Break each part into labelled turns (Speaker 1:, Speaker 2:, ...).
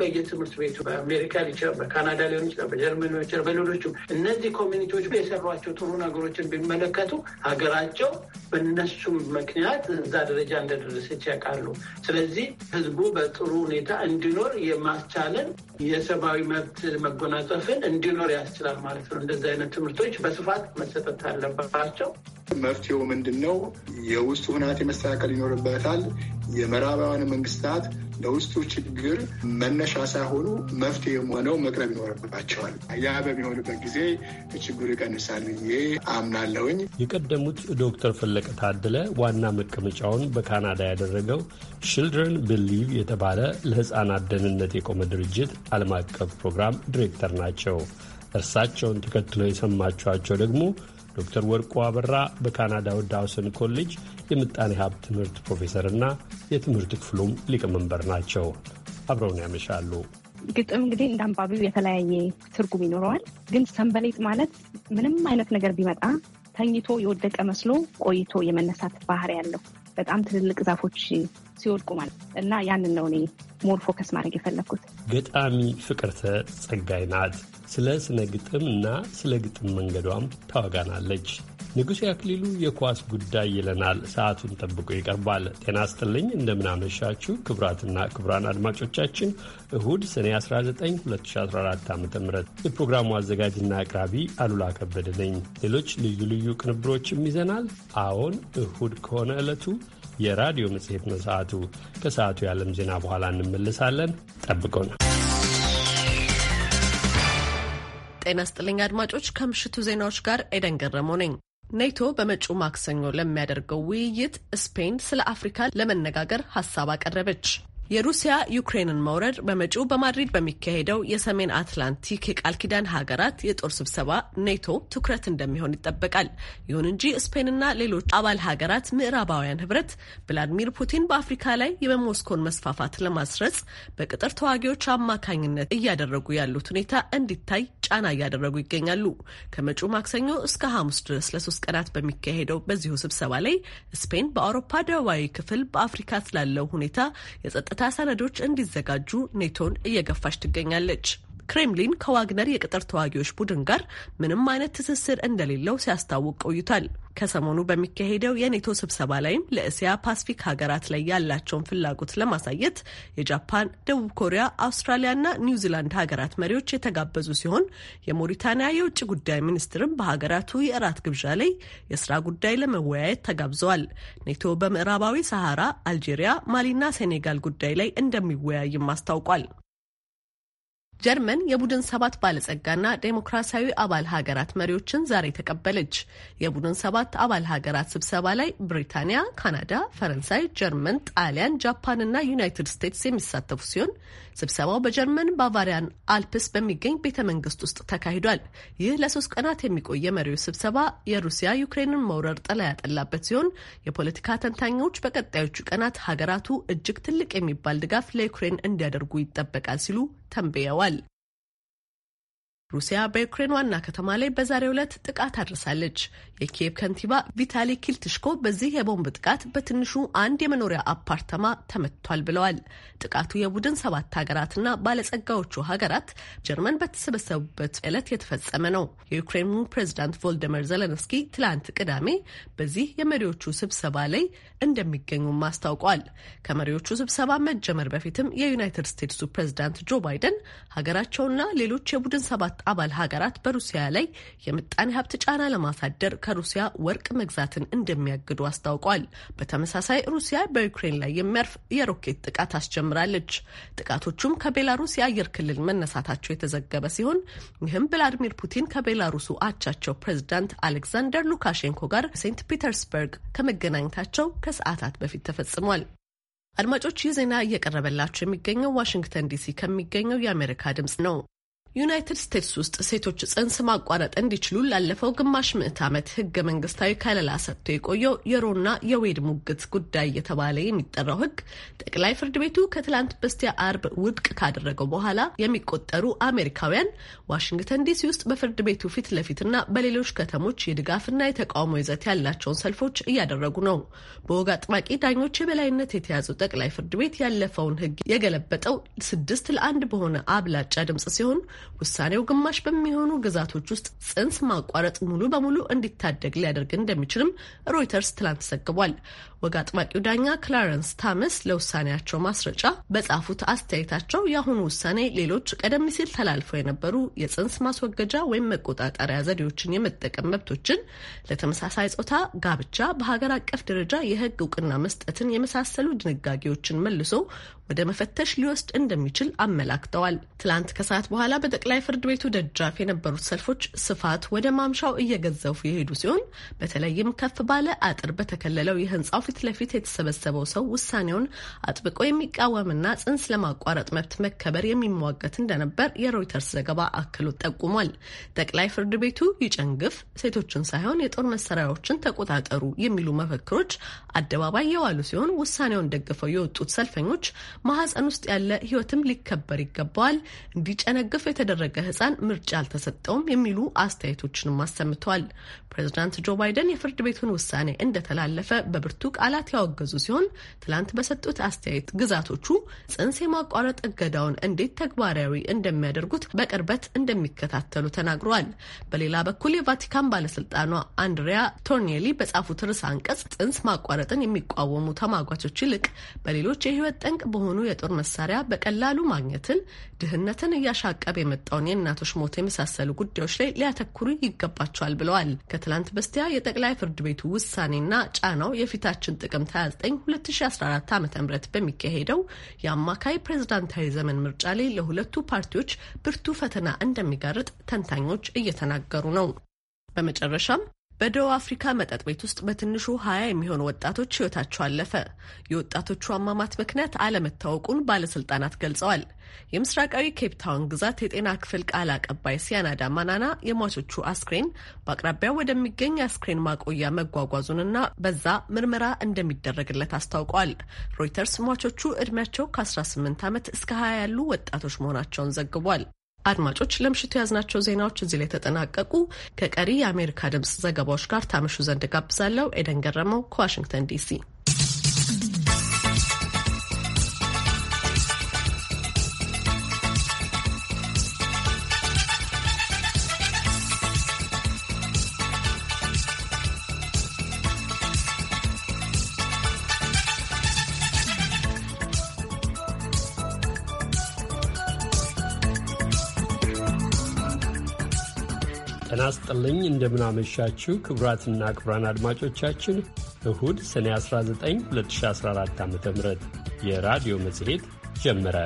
Speaker 1: በየትምህርት ቤቱ በአሜሪካ ሊቸር በካናዳ ሊሆን ይችላል፣ በጀርመን ሊሆን ይችላል፣ በሌሎቹም እነዚህ ኮሚኒቲዎች የሰሯቸው ጥሩ ነገሮችን ቢመለከቱ ሀገራቸው በእነሱም ምክንያት እዛ ደረጃ እንደደረሰች ያውቃሉ። ስለዚህ ህዝቡ በጥሩ ሁኔታ እንዲኖር የማስቻለን የሰብአዊ መብት መጎናጸፍን እንዲኖር ያስችላል ማለት ነው። እንደዚህ አይነት ትምህርቶች በስፋት መሰጠት
Speaker 2: አለባቸው። መፍትሄው ምንድን ነው? የውስጡ ሁናት መስተካከል ይኖርበታል። የምዕራባውያን መንግስታት ለውስጡ ችግር መነሻ ሳይሆኑ መፍትሄ ሆነው መቅረብ ይኖርባቸዋል። ያ በሚሆንበት ጊዜ ችግሩ ይቀንሳል ብዬ
Speaker 3: አምናለሁኝ። የቀደሙት ዶክተር ፈለቀ ታደለ ዋና መቀመጫውን በካናዳ ያደረገው ሽልድረን ብሊቭ የተባለ ለህፃናት ደህንነት የቆመ ድርጅት ዓለም አቀፍ ፕሮግራም ዲሬክተር ናቸው። እርሳቸውን ተከትሎ የሰማችኋቸው ደግሞ ዶክተር ወርቁ አበራ በካናዳው ዳውሰን ኮሌጅ የምጣኔ ሀብት ትምህርት ፕሮፌሰርና የትምህርት ክፍሉም ሊቀመንበር ናቸው። አብረውን ያመሻሉ።
Speaker 4: ግጥም እንግዲህ
Speaker 5: እንደ አንባቢው የተለያየ ትርጉም ይኖረዋል። ግን ሰንበሌጥ ማለት ምንም አይነት ነገር ቢመጣ ተኝቶ የወደቀ መስሎ ቆይቶ የመነሳት ባህሪ ያለው በጣም ትልልቅ ዛፎች ሲወልቁ ማለት እና ያንን ነው እኔ ሞር ፎከስ ማድረግ የፈለግኩት።
Speaker 3: ገጣሚ ፍቅርተ ጸጋይ ናት። ስለ ስነ ግጥም እና ስለ ግጥም መንገዷም ታወጋናለች። ንጉሴ አክሊሉ የኳስ ጉዳይ ይለናል። ሰዓቱን ጠብቆ ይቀርባል። ጤና ስጥልኝ እንደምናመሻችሁ ክቡራትና ክቡራን አድማጮቻችን እሁድ ሰኔ 19 2014 ዓ ም የፕሮግራሙ አዘጋጅና አቅራቢ አሉላ ከበደ ነኝ። ሌሎች ልዩ ልዩ ቅንብሮችም ይዘናል። አዎን እሁድ ከሆነ ዕለቱ የራዲዮ መጽሔት ነው ሰዓቱ። ከሰዓቱ የዓለም ዜና በኋላ እንመልሳለን። ጠብቀው
Speaker 4: ጤና ስጥልኝ አድማጮች፣ ከምሽቱ ዜናዎች ጋር ኤደን ገረመው ነኝ። ኔቶ በመጪው ማክሰኞ ለሚያደርገው ውይይት ስፔን ስለ አፍሪካ ለመነጋገር ሀሳብ አቀረበች። የሩሲያ ዩክሬንን መውረድ በመጪው በማድሪድ በሚካሄደው የሰሜን አትላንቲክ የቃል ኪዳን ሀገራት የጦር ስብሰባ ኔቶ ትኩረት እንደሚሆን ይጠበቃል። ይሁን እንጂ ስፔንና ሌሎች አባል ሀገራት ምዕራባውያን ህብረት ቭላዲሚር ፑቲን በአፍሪካ ላይ የሞስኮን መስፋፋት ለማስረጽ በቅጥር ተዋጊዎች አማካኝነት እያደረጉ ያሉት ሁኔታ እንዲታይ ጫና እያደረጉ ይገኛሉ። ከመጪው ማክሰኞ እስከ ሐሙስ ድረስ ለሶስት ቀናት በሚካሄደው በዚሁ ስብሰባ ላይ ስፔን በአውሮፓ ደቡባዊ ክፍል በአፍሪካ ስላለው ሁኔታ የጸጥ የጸጥታ ሰነዶች እንዲዘጋጁ ኔቶን እየገፋች ትገኛለች። ክሬምሊን ከዋግነር የቅጥር ተዋጊዎች ቡድን ጋር ምንም አይነት ትስስር እንደሌለው ሲያስታውቅ ቆይቷል። ከሰሞኑ በሚካሄደው የኔቶ ስብሰባ ላይም ለእስያ ፓስፊክ ሀገራት ላይ ያላቸውን ፍላጎት ለማሳየት የጃፓን፣ ደቡብ ኮሪያ፣ አውስትራሊያና ኒውዚላንድ ሀገራት መሪዎች የተጋበዙ ሲሆን የሞሪታንያ የውጭ ጉዳይ ሚኒስትርም በሀገራቱ የእራት ግብዣ ላይ የስራ ጉዳይ ለመወያየት ተጋብዘዋል። ኔቶ በምዕራባዊ ሰሐራ፣ አልጄሪያ፣ ማሊና ሴኔጋል ጉዳይ ላይ እንደሚወያይም አስታውቋል። ጀርመን የቡድን ሰባት ባለጸጋና ዴሞክራሲያዊ አባል ሀገራት መሪዎችን ዛሬ ተቀበለች። የቡድን ሰባት አባል ሀገራት ስብሰባ ላይ ብሪታንያ፣ ካናዳ፣ ፈረንሳይ፣ ጀርመን፣ ጣሊያን፣ ጃፓንና ዩናይትድ ስቴትስ የሚሳተፉ ሲሆን ስብሰባው በጀርመን ባቫሪያን አልፕስ በሚገኝ ቤተ መንግስት ውስጥ ተካሂዷል። ይህ ለሶስት ቀናት የሚቆይ የመሪዎች ስብሰባ የሩሲያ ዩክሬንን መውረር ጥላ ያጠላበት ሲሆን የፖለቲካ ተንታኞች በቀጣዮቹ ቀናት ሀገራቱ እጅግ ትልቅ የሚባል ድጋፍ ለዩክሬን እንዲያደርጉ ይጠበቃል ሲሉ ተንብየዋል። ሩሲያ በዩክሬን ዋና ከተማ ላይ በዛሬው ዕለት ጥቃት አድርሳለች። የኪየቭ ከንቲባ ቪታሊ ኪልትሽኮ በዚህ የቦምብ ጥቃት በትንሹ አንድ የመኖሪያ አፓርተማ ተመትቷል ብለዋል። ጥቃቱ የቡድን ሰባት ሀገራትና ባለጸጋዎቹ ሀገራት ጀርመን በተሰበሰቡበት ዕለት የተፈጸመ ነው። የዩክሬኑ ፕሬዚዳንት ቮልደመር ዘለንስኪ ትላንት ቅዳሜ በዚህ የመሪዎቹ ስብሰባ ላይ እንደሚገኙም አስታውቋል። ከመሪዎቹ ስብሰባ መጀመር በፊትም የዩናይትድ ስቴትሱ ፕሬዚዳንት ጆ ባይደን ሀገራቸውና ሌሎች የቡድን ሰባት ሰባት አባል ሀገራት በሩሲያ ላይ የምጣኔ ሀብት ጫና ለማሳደር ከሩሲያ ወርቅ መግዛትን እንደሚያግዱ አስታውቋል። በተመሳሳይ ሩሲያ በዩክሬን ላይ የሚያርፍ የሮኬት ጥቃት አስጀምራለች። ጥቃቶቹም ከቤላሩስ የአየር ክልል መነሳታቸው የተዘገበ ሲሆን ይህም ቭላዲሚር ፑቲን ከቤላሩሱ አቻቸው ፕሬዚዳንት አሌክዛንደር ሉካሼንኮ ጋር ሴንት ፒተርስበርግ ከመገናኘታቸው ከሰዓታት በፊት ተፈጽሟል። አድማጮች ይህ ዜና እየቀረበላቸው የሚገኘው ዋሽንግተን ዲሲ ከሚገኘው የአሜሪካ ድምፅ ነው። ዩናይትድ ስቴትስ ውስጥ ሴቶች ጽንስ ማቋረጥ እንዲችሉ ላለፈው ግማሽ ምዕት ዓመት ህገ መንግስታዊ ከለላ ሰጥቶ የቆየው የሮና የዌድ ሙግት ጉዳይ እየተባለ የሚጠራው ህግ ጠቅላይ ፍርድ ቤቱ ከትላንት በስቲያ አርብ ውድቅ ካደረገው በኋላ የሚቆጠሩ አሜሪካውያን ዋሽንግተን ዲሲ ውስጥ በፍርድ ቤቱ ፊት ለፊትና በሌሎች ከተሞች የድጋፍና የተቃውሞ ይዘት ያላቸውን ሰልፎች እያደረጉ ነው። በወግ አጥባቂ ዳኞች የበላይነት የተያዘው ጠቅላይ ፍርድ ቤት ያለፈውን ህግ የገለበጠው ስድስት ለአንድ በሆነ አብላጫ ድምጽ ሲሆን ውሳኔው ግማሽ በሚሆኑ ግዛቶች ውስጥ ጽንስ ማቋረጥ ሙሉ በሙሉ እንዲታደግ ሊያደርግ እንደሚችልም ሮይተርስ ትላንት ዘግቧል። ወግ አጥባቂው ዳኛ ክላረንስ ታምስ ለውሳኔያቸው ማስረጫ በጻፉት አስተያየታቸው የአሁኑ ውሳኔ ሌሎች ቀደም ሲል ተላልፈው የነበሩ የጽንስ ማስወገጃ ወይም መቆጣጠሪያ ዘዴዎችን የመጠቀም መብቶችን፣ ለተመሳሳይ ጾታ ጋብቻ በሀገር አቀፍ ደረጃ የሕግ እውቅና መስጠትን የመሳሰሉ ድንጋጌዎችን መልሶ ወደ መፈተሽ ሊወስድ እንደሚችል አመላክተዋል። ትላንት ከሰዓት በኋላ በጠቅላይ ፍርድ ቤቱ ደጃፍ የነበሩት ሰልፎች ስፋት ወደ ማምሻው እየገዘፉ የሄዱ ሲሆን በተለይም ከፍ ባለ አጥር በተከለለው የህንፃው ፊት ለፊት የተሰበሰበው ሰው ውሳኔውን አጥብቆ የሚቃወምና ጽንስ ለማቋረጥ መብት መከበር የሚሟገት እንደነበር የሮይተርስ ዘገባ አክሎ ጠቁሟል። ጠቅላይ ፍርድ ቤቱ ይጨንግፍ፣ ሴቶችን ሳይሆን የጦር መሳሪያዎችን ተቆጣጠሩ የሚሉ መፈክሮች አደባባይ የዋሉ ሲሆን ውሳኔውን ደግፈው የወጡት ሰልፈኞች ማህፀን ውስጥ ያለ ህይወትም ሊከበር ይገባዋል እንዲጨነግፍ የተ የተደረገ ህጻን ምርጫ አልተሰጠውም የሚሉ አስተያየቶችንም አሰምተዋል። ፕሬዚዳንት ጆ ባይደን የፍርድ ቤቱን ውሳኔ እንደተላለፈ በብርቱ ቃላት ያወገዙ ሲሆን ትላንት በሰጡት አስተያየት ግዛቶቹ ጽንስ የማቋረጥ እገዳውን እንዴት ተግባራዊ እንደሚያደርጉት በቅርበት እንደሚከታተሉ ተናግረዋል። በሌላ በኩል የቫቲካን ባለስልጣኗ አንድሪያ ቶርኔሊ በጻፉት ርዕሰ አንቀጽ ጽንስ ማቋረጥን የሚቋወሙ ተሟጋቾች ይልቅ በሌሎች የህይወት ጠንቅ በሆኑ የጦር መሳሪያ በቀላሉ ማግኘትን ድህነትን እያሻቀበ የመጣውን የእናቶች ሞት የመሳሰሉ ጉዳዮች ላይ ሊያተኩሩ ይገባቸዋል ብለዋል። ከትላንት በስቲያ የጠቅላይ ፍርድ ቤቱ ውሳኔና ጫናው የፊታችን ጥቅምት 29 2014 ዓ ም በሚካሄደው የአማካይ ፕሬዝዳንታዊ ዘመን ምርጫ ላይ ለሁለቱ ፓርቲዎች ብርቱ ፈተና እንደሚጋርጥ ተንታኞች እየተናገሩ ነው። በመጨረሻም በደቡብ አፍሪካ መጠጥ ቤት ውስጥ በትንሹ ሀያ የሚሆኑ ወጣቶች ህይወታቸው አለፈ። የወጣቶቹ አሟሟት ምክንያት አለመታወቁን ባለስልጣናት ገልጸዋል። የምስራቃዊ ኬፕታውን ግዛት የጤና ክፍል ቃል አቀባይ ሲያናዳ ማናና የሟቾቹ አስክሬን በአቅራቢያው ወደሚገኝ አስክሬን ማቆያ መጓጓዙንና በዛ ምርመራ እንደሚደረግለት አስታውቀዋል። ሮይተርስ ሟቾቹ ዕድሜያቸው ከ18 ዓመት እስከ 20 ያሉ ወጣቶች መሆናቸውን ዘግቧል። አድማጮች ለምሽቱ የያዝናቸው ዜናዎች እዚህ ላይ ተጠናቀቁ። ከቀሪ የአሜሪካ ድምፅ ዘገባዎች ጋር ታምሹ ዘንድ ጋብዛለሁ። ኤደን ገረመው ከዋሽንግተን ዲሲ
Speaker 3: ጤና ስጥልኝ እንደምናመሻችሁ ክቡራትና ክቡራን አድማጮቻችን እሁድ ሰኔ 19 2014 ዓ ም የራዲዮ መጽሔት ጀመረ።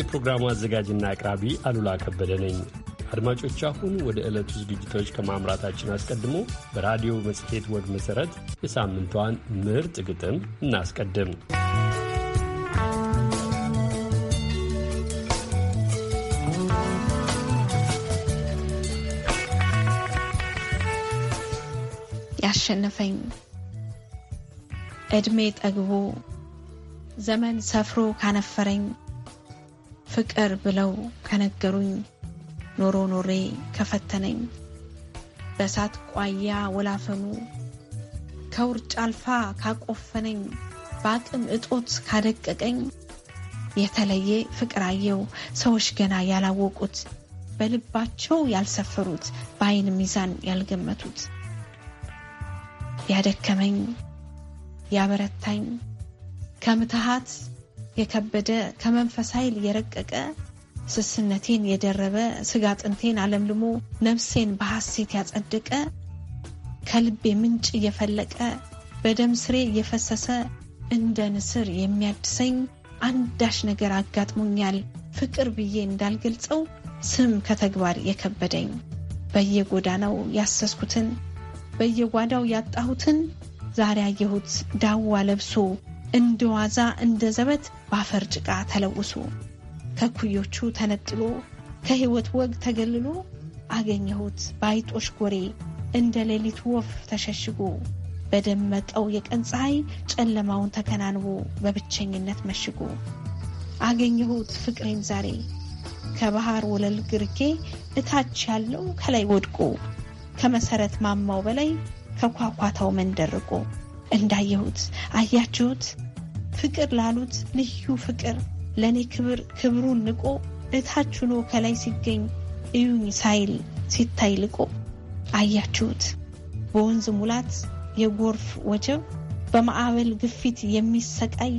Speaker 3: የፕሮግራሙ አዘጋጅና አቅራቢ አሉላ ከበደ ነኝ። አድማጮች አሁን ወደ ዕለቱ ዝግጅቶች ከማምራታችን አስቀድሞ በራዲዮ መጽሔት ወግ መሠረት የሳምንቷን ምርጥ ግጥም እናስቀድም።
Speaker 6: ያሸነፈኝ ዕድሜ ጠግቦ ዘመን ሰፍሮ ካነፈረኝ ፍቅር ብለው ከነገሩኝ ኖሮ ኖሬ ከፈተነኝ በእሳት ቋያ ወላፈኑ ከውርጭ አልፋ ካቆፈነኝ በአቅም እጦት ካደቀቀኝ የተለየ ፍቅር አየው ሰዎች ገና ያላወቁት በልባቸው ያልሰፈሩት በአይን ሚዛን ያልገመቱት ያደከመኝ ያበረታኝ ከምትሃት የከበደ ከመንፈስ ኃይል የረቀቀ ስስነቴን የደረበ ስጋ ጥንቴን አለምልሞ ነፍሴን በሐሴት ያጸደቀ ከልቤ ምንጭ እየፈለቀ በደም ስሬ እየፈሰሰ እንደ ንስር የሚያድሰኝ አንዳሽ ነገር አጋጥሞኛል ፍቅር ብዬ እንዳልገልጸው ስም ከተግባር የከበደኝ በየጎዳናው ያሰስኩትን በየጓዳው ያጣሁትን ዛሬ አየሁት ዳዋ ለብሶ እንደ ዋዛ እንደ ዘበት ባፈር ጭቃ ተለውሶ ከኩዮቹ ተነጥሎ ከህይወት ወግ ተገልሎ አገኘሁት በአይጦሽ ጎሬ እንደ ሌሊት ወፍ ተሸሽጎ በደመቀው የቀን ፀሐይ ጨለማውን ተከናንቦ በብቸኝነት መሽጎ አገኘሁት ፍቅሬን ዛሬ ከባህር ወለል ግርጌ እታች ያለው ከላይ ወድቆ ከመሰረት ማማው በላይ ከኳኳታው መንደርቆ እንዳየሁት አያችሁት ፍቅር ላሉት ልዩ ፍቅር ለእኔ ክብር ክብሩን ንቆ እታች ሆኖ ከላይ ሲገኝ እዩኝ ሳይል ሲታይ ልቆ አያችሁት በወንዝ ሙላት የጎርፍ ወጀብ በማዕበል ግፊት የሚሰቃይ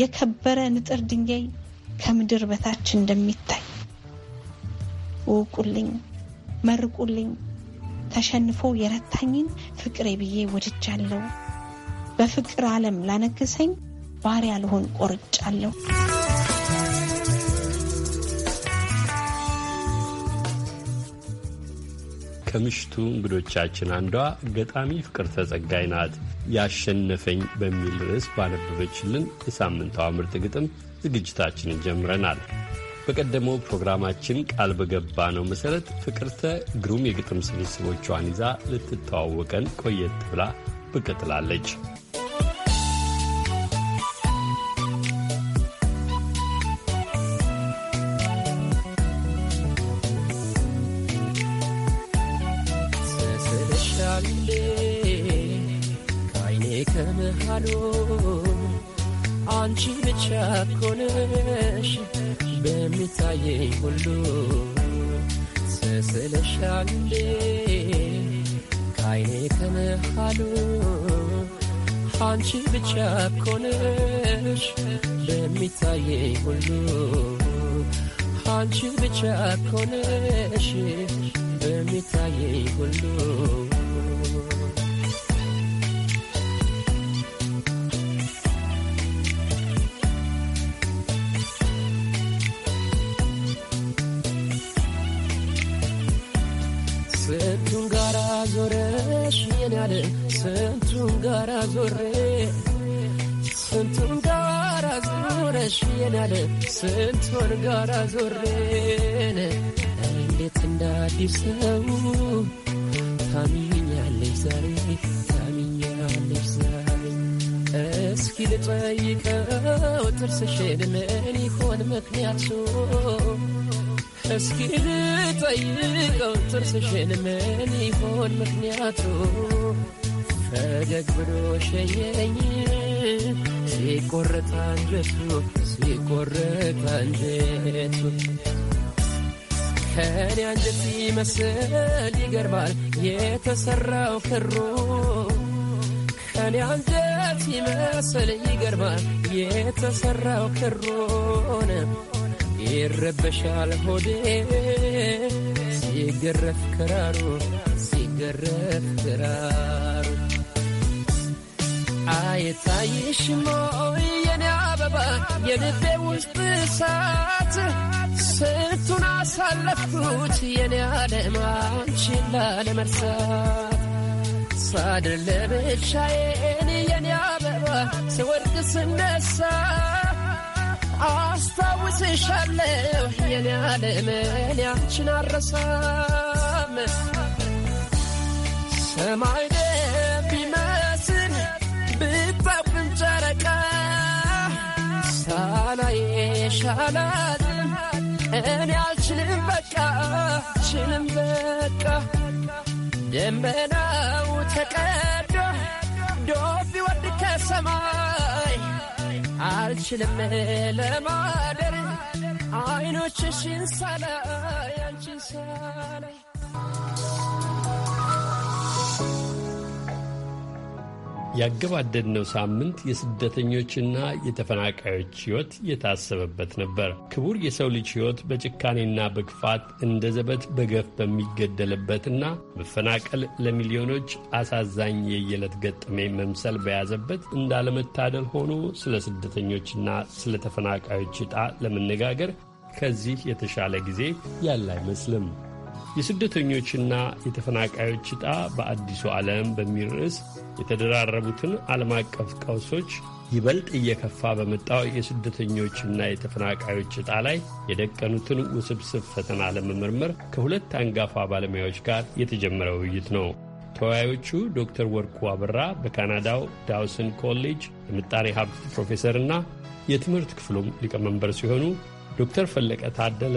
Speaker 6: የከበረ ንጥር ድንጋይ ከምድር በታች እንደሚታይ እውቁልኝ መርቁልኝ ተሸንፎ የረታኝን ፍቅሬ ብዬ ወድጃለሁ። በፍቅር ዓለም ላነክሰኝ ባሪያ ልሆን ቆርጫለሁ።
Speaker 3: ከምሽቱ እንግዶቻችን አንዷ ገጣሚ ፍቅርተ ጸጋይ ናት። ያሸነፈኝ በሚል ርዕስ ባነበበችልን የሳምንታዋ ምርጥ ግጥም ዝግጅታችንን ጀምረናል። በቀደመው ፕሮግራማችን ቃል በገባ ነው መሠረት ፍቅርተ ግሩም የግጥም ስብስቦቿን ይዛ ልትተዋወቀን ቆየት ብላ ብቅ ትላለች።
Speaker 7: ላየኝ ሁሉ ስስልሻል ካይኔ ከመሃሉ አንቺ ብቻ ኮነሽ በሚታየኝ ሁሉ አንቺ ብቻ ኮነሽ በሚታየኝ ሁሉ ስንቱን ጋራ ዞሬ ስንቱን ጋራ ዞረሽናል ስንቱን ጋራ ዞሬን እንዴት እንደ አዲስ ሰው ታሚኛለሽ ዛሬ ታሚኛለሽ ዛሬ እስኪ ልጠይቀው ጥርስሽን ምን ይሆን ምክንያቱ? እስኪ ልጠይቀው ጥርስሽን ምን ይሆን ምክንያቱ? ፈገግ ብሎ ሸኘኝ ሲቆረጥ አንጀቱ ሲቆረጥ አንጀቱ ከኔ አንጀት ሲመስል ይገርማል የተሰራው ክሩ ከኔ አንጀት ሲመስል ይገርማል የተሰራው ክሩን ይረበሻል ሆዴ ሲገረፍ ክራሩ ሲገረፍ ክራሩ አይታይሽም የኔ አበባ የልቤ ውስጥ እሳት ስንቱን አሳለፍኩት የኔ ዓለም አንቺን ላለመርሳት ሳድር ለብቻዬን የኔ አበባ ስወድቅ ስነሳ አስታውስሻለሁ የኔ ዓለም እኔ አንቺን አረሳም ሰማይ አላልም እኔ አልችልም በቃ አልችልም በቃ ደመናው ተቀዶ ዶፍ ወድ ከሰማይ አልችልም ለማደር አይኖችሽን ሳላይ አንቺን ሳላይ
Speaker 3: ያገባደድነው ሳምንት የስደተኞችና የተፈናቃዮች ሕይወት የታሰበበት ነበር። ክቡር የሰው ልጅ ሕይወት በጭካኔና በክፋት እንደ ዘበት በገፍ በሚገደልበትና መፈናቀል ለሚሊዮኖች አሳዛኝ የየዕለት ገጠሜ መምሰል በያዘበት እንዳለመታደል ሆኖ ስለ ስደተኞችና ስለ ተፈናቃዮች ዕጣ ለመነጋገር ከዚህ የተሻለ ጊዜ ያለ አይመስልም። የስደተኞችና የተፈናቃዮች ዕጣ በአዲሱ ዓለም በሚል ርዕስ የተደራረቡትን ዓለም አቀፍ ቀውሶች ይበልጥ እየከፋ በመጣው የስደተኞችና የተፈናቃዮች ዕጣ ላይ የደቀኑትን ውስብስብ ፈተና ለመመርመር ከሁለት አንጋፋ ባለሙያዎች ጋር የተጀመረ ውይይት ነው። ተወያዮቹ ዶክተር ወርቁ አበራ በካናዳው ዳውሰን ኮሌጅ የምጣኔ ሀብት ፕሮፌሰርና የትምህርት ክፍሉም ሊቀመንበር ሲሆኑ ዶክተር ፈለቀ ታደለ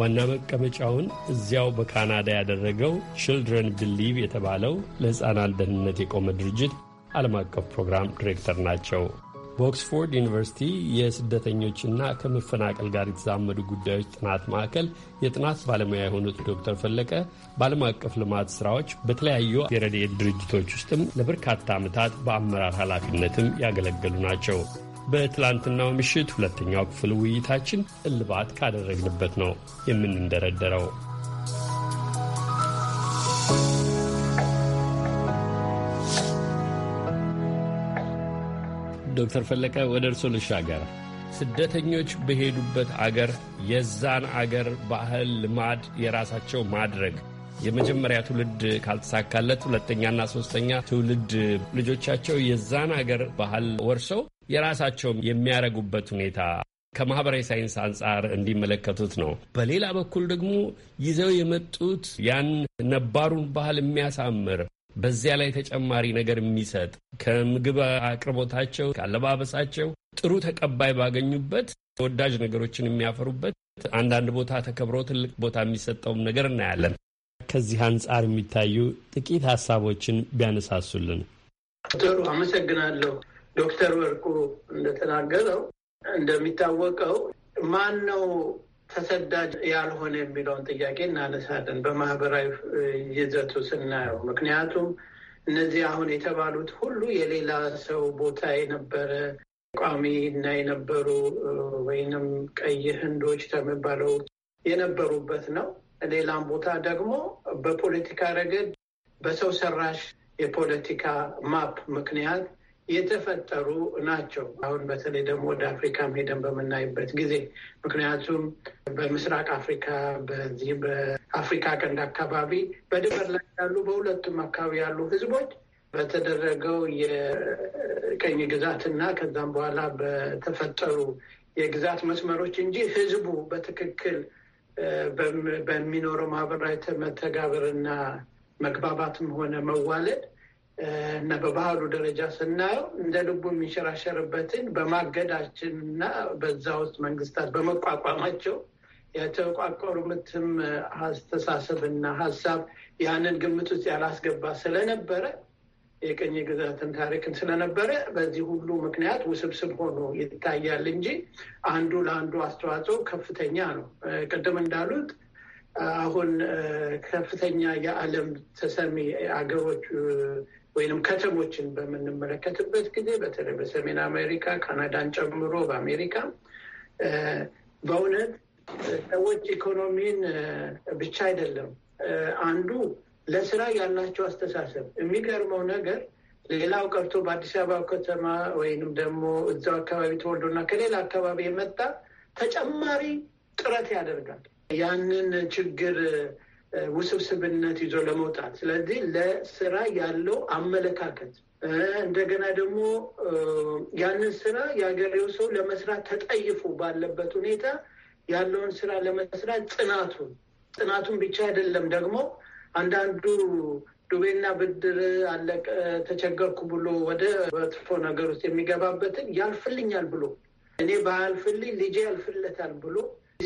Speaker 3: ዋና መቀመጫውን እዚያው በካናዳ ያደረገው ችልድረን ቢሊቭ የተባለው ለሕፃናት ደህንነት የቆመ ድርጅት ዓለም አቀፍ ፕሮግራም ዲሬክተር ናቸው። በኦክስፎርድ ዩኒቨርሲቲ የስደተኞችና ከመፈናቀል ጋር የተዛመዱ ጉዳዮች ጥናት ማዕከል የጥናት ባለሙያ የሆኑት ዶክተር ፈለቀ በዓለም አቀፍ ልማት ስራዎች በተለያዩ የረድኤት ድርጅቶች ውስጥም ለበርካታ ዓመታት በአመራር ኃላፊነትም ያገለገሉ ናቸው። በትላንትናው ምሽት ሁለተኛው ክፍል ውይይታችን እልባት ካደረግንበት ነው የምንንደረደረው። ዶክተር ፈለቀ ወደ እርሶ ልሻገር። ስደተኞች በሄዱበት አገር የዛን አገር ባህል ልማድ የራሳቸው ማድረግ የመጀመሪያ ትውልድ ካልተሳካለት ሁለተኛና ሶስተኛ ትውልድ ልጆቻቸው የዛን ሀገር ባህል ወርሰው የራሳቸውም የሚያረጉበት ሁኔታ ከማህበራዊ ሳይንስ አንጻር እንዲመለከቱት ነው። በሌላ በኩል ደግሞ ይዘው የመጡት ያን ነባሩን ባህል የሚያሳምር በዚያ ላይ ተጨማሪ ነገር የሚሰጥ ከምግብ አቅርቦታቸው፣ ከአለባበሳቸው ጥሩ ተቀባይ ባገኙበት ተወዳጅ ነገሮችን የሚያፈሩበት አንዳንድ ቦታ ተከብሮ ትልቅ ቦታ የሚሰጠውም ነገር እናያለን። ከዚህ አንጻር የሚታዩ ጥቂት ሀሳቦችን ቢያነሳሱልን። ጥሩ
Speaker 1: አመሰግናለሁ። ዶክተር ወርቁ እንደተናገረው እንደሚታወቀው ማን ነው ተሰዳጅ ያልሆነ የሚለውን ጥያቄ እናነሳለን በማህበራዊ ይዘቱ ስናየው። ምክንያቱም እነዚህ አሁን የተባሉት ሁሉ የሌላ ሰው ቦታ የነበረ ቋሚ እና የነበሩ ወይንም ቀይ ህንዶች ከሚባለው የነበሩበት ነው። ሌላም ቦታ ደግሞ በፖለቲካ ረገድ በሰው ሰራሽ የፖለቲካ ማፕ ምክንያት የተፈጠሩ ናቸው። አሁን በተለይ ደግሞ ወደ አፍሪካ ሄደን በምናይበት ጊዜ ምክንያቱም በምስራቅ አፍሪካ በዚህ በአፍሪካ ቀንድ አካባቢ በድንበር ላይ ያሉ በሁለቱም አካባቢ ያሉ ህዝቦች በተደረገው የቀኝ ግዛትና ከዛም በኋላ በተፈጠሩ የግዛት መስመሮች እንጂ ህዝቡ በትክክል በሚኖረው ማህበራዊ መተጋበርና መግባባትም ሆነ መዋለድ እና በባህሉ ደረጃ ስናየው እንደ ልቡ የሚንሸራሸርበትን በማገዳችን እና በዛ ውስጥ መንግስታት በመቋቋማቸው የተቋቋሩበትም አስተሳሰብና ሀሳብ ያንን ግምት ውስጥ ያላስገባ ስለነበረ የቀኝ ግዛትን ታሪክን ስለነበረ በዚህ ሁሉ ምክንያት ውስብስብ ሆኖ ይታያል እንጂ አንዱ ለአንዱ አስተዋጽኦ ከፍተኛ ነው። ቅድም እንዳሉት አሁን ከፍተኛ የዓለም ተሰሚ አገሮች ወይንም ከተሞችን በምንመለከትበት ጊዜ በተለይ በሰሜን አሜሪካ ካናዳን ጨምሮ በአሜሪካ በእውነት ሰዎች ኢኮኖሚን ብቻ አይደለም አንዱ ለስራ ያላቸው አስተሳሰብ የሚገርመው ነገር ሌላው ቀርቶ በአዲስ አበባ ከተማ ወይንም ደግሞ እዛው አካባቢ ተወልዶና ከሌላ አካባቢ የመጣ ተጨማሪ ጥረት ያደርጋል ያንን ችግር ውስብስብነት ይዞ ለመውጣት። ስለዚህ ለስራ ያለው አመለካከት እንደገና ደግሞ ያንን ስራ የሀገሬው ሰው ለመስራት ተጠይፎ ባለበት ሁኔታ ያለውን ስራ ለመስራት ጽናቱን ጽናቱን ብቻ አይደለም ደግሞ አንዳንዱ ዱቤና ብድር አለቀ ተቸገርኩ ብሎ ወደ መጥፎ ነገር ውስጥ የሚገባበትን ያልፍልኛል ብሎ እኔ ባያልፍልኝ ልጄ ያልፍለታል ብሎ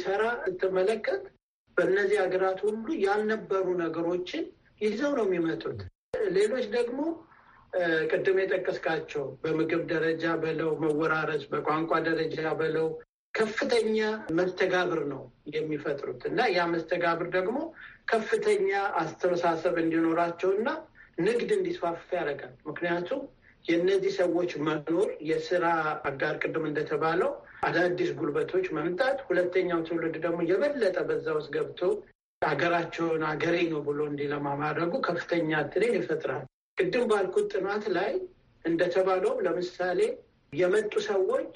Speaker 1: ሰራ ስትመለከት በእነዚህ ሀገራት ሁሉ ያልነበሩ ነገሮችን ይዘው ነው የሚመጡት። ሌሎች ደግሞ ቅድም የጠቀስካቸው በምግብ ደረጃ በለው መወራረስ፣ በቋንቋ ደረጃ በለው ከፍተኛ መስተጋብር ነው የሚፈጥሩት እና ያ መስተጋብር ደግሞ ከፍተኛ አስተሳሰብ እንዲኖራቸው እና ንግድ እንዲስፋፋ ያደርጋል። ምክንያቱም የእነዚህ ሰዎች መኖር የስራ አጋር ቅድም እንደተባለው አዳዲስ ጉልበቶች መምጣት፣ ሁለተኛው ትውልድ ደግሞ የበለጠ በዛ ውስጥ ገብቶ ሀገራቸውን ሀገሬ ነው ብሎ እንዲለማ ማድረጉ ከፍተኛ ትሬን ይፈጥራል። ቅድም ባልኩት ጥናት ላይ እንደተባለው ለምሳሌ የመጡ ሰዎች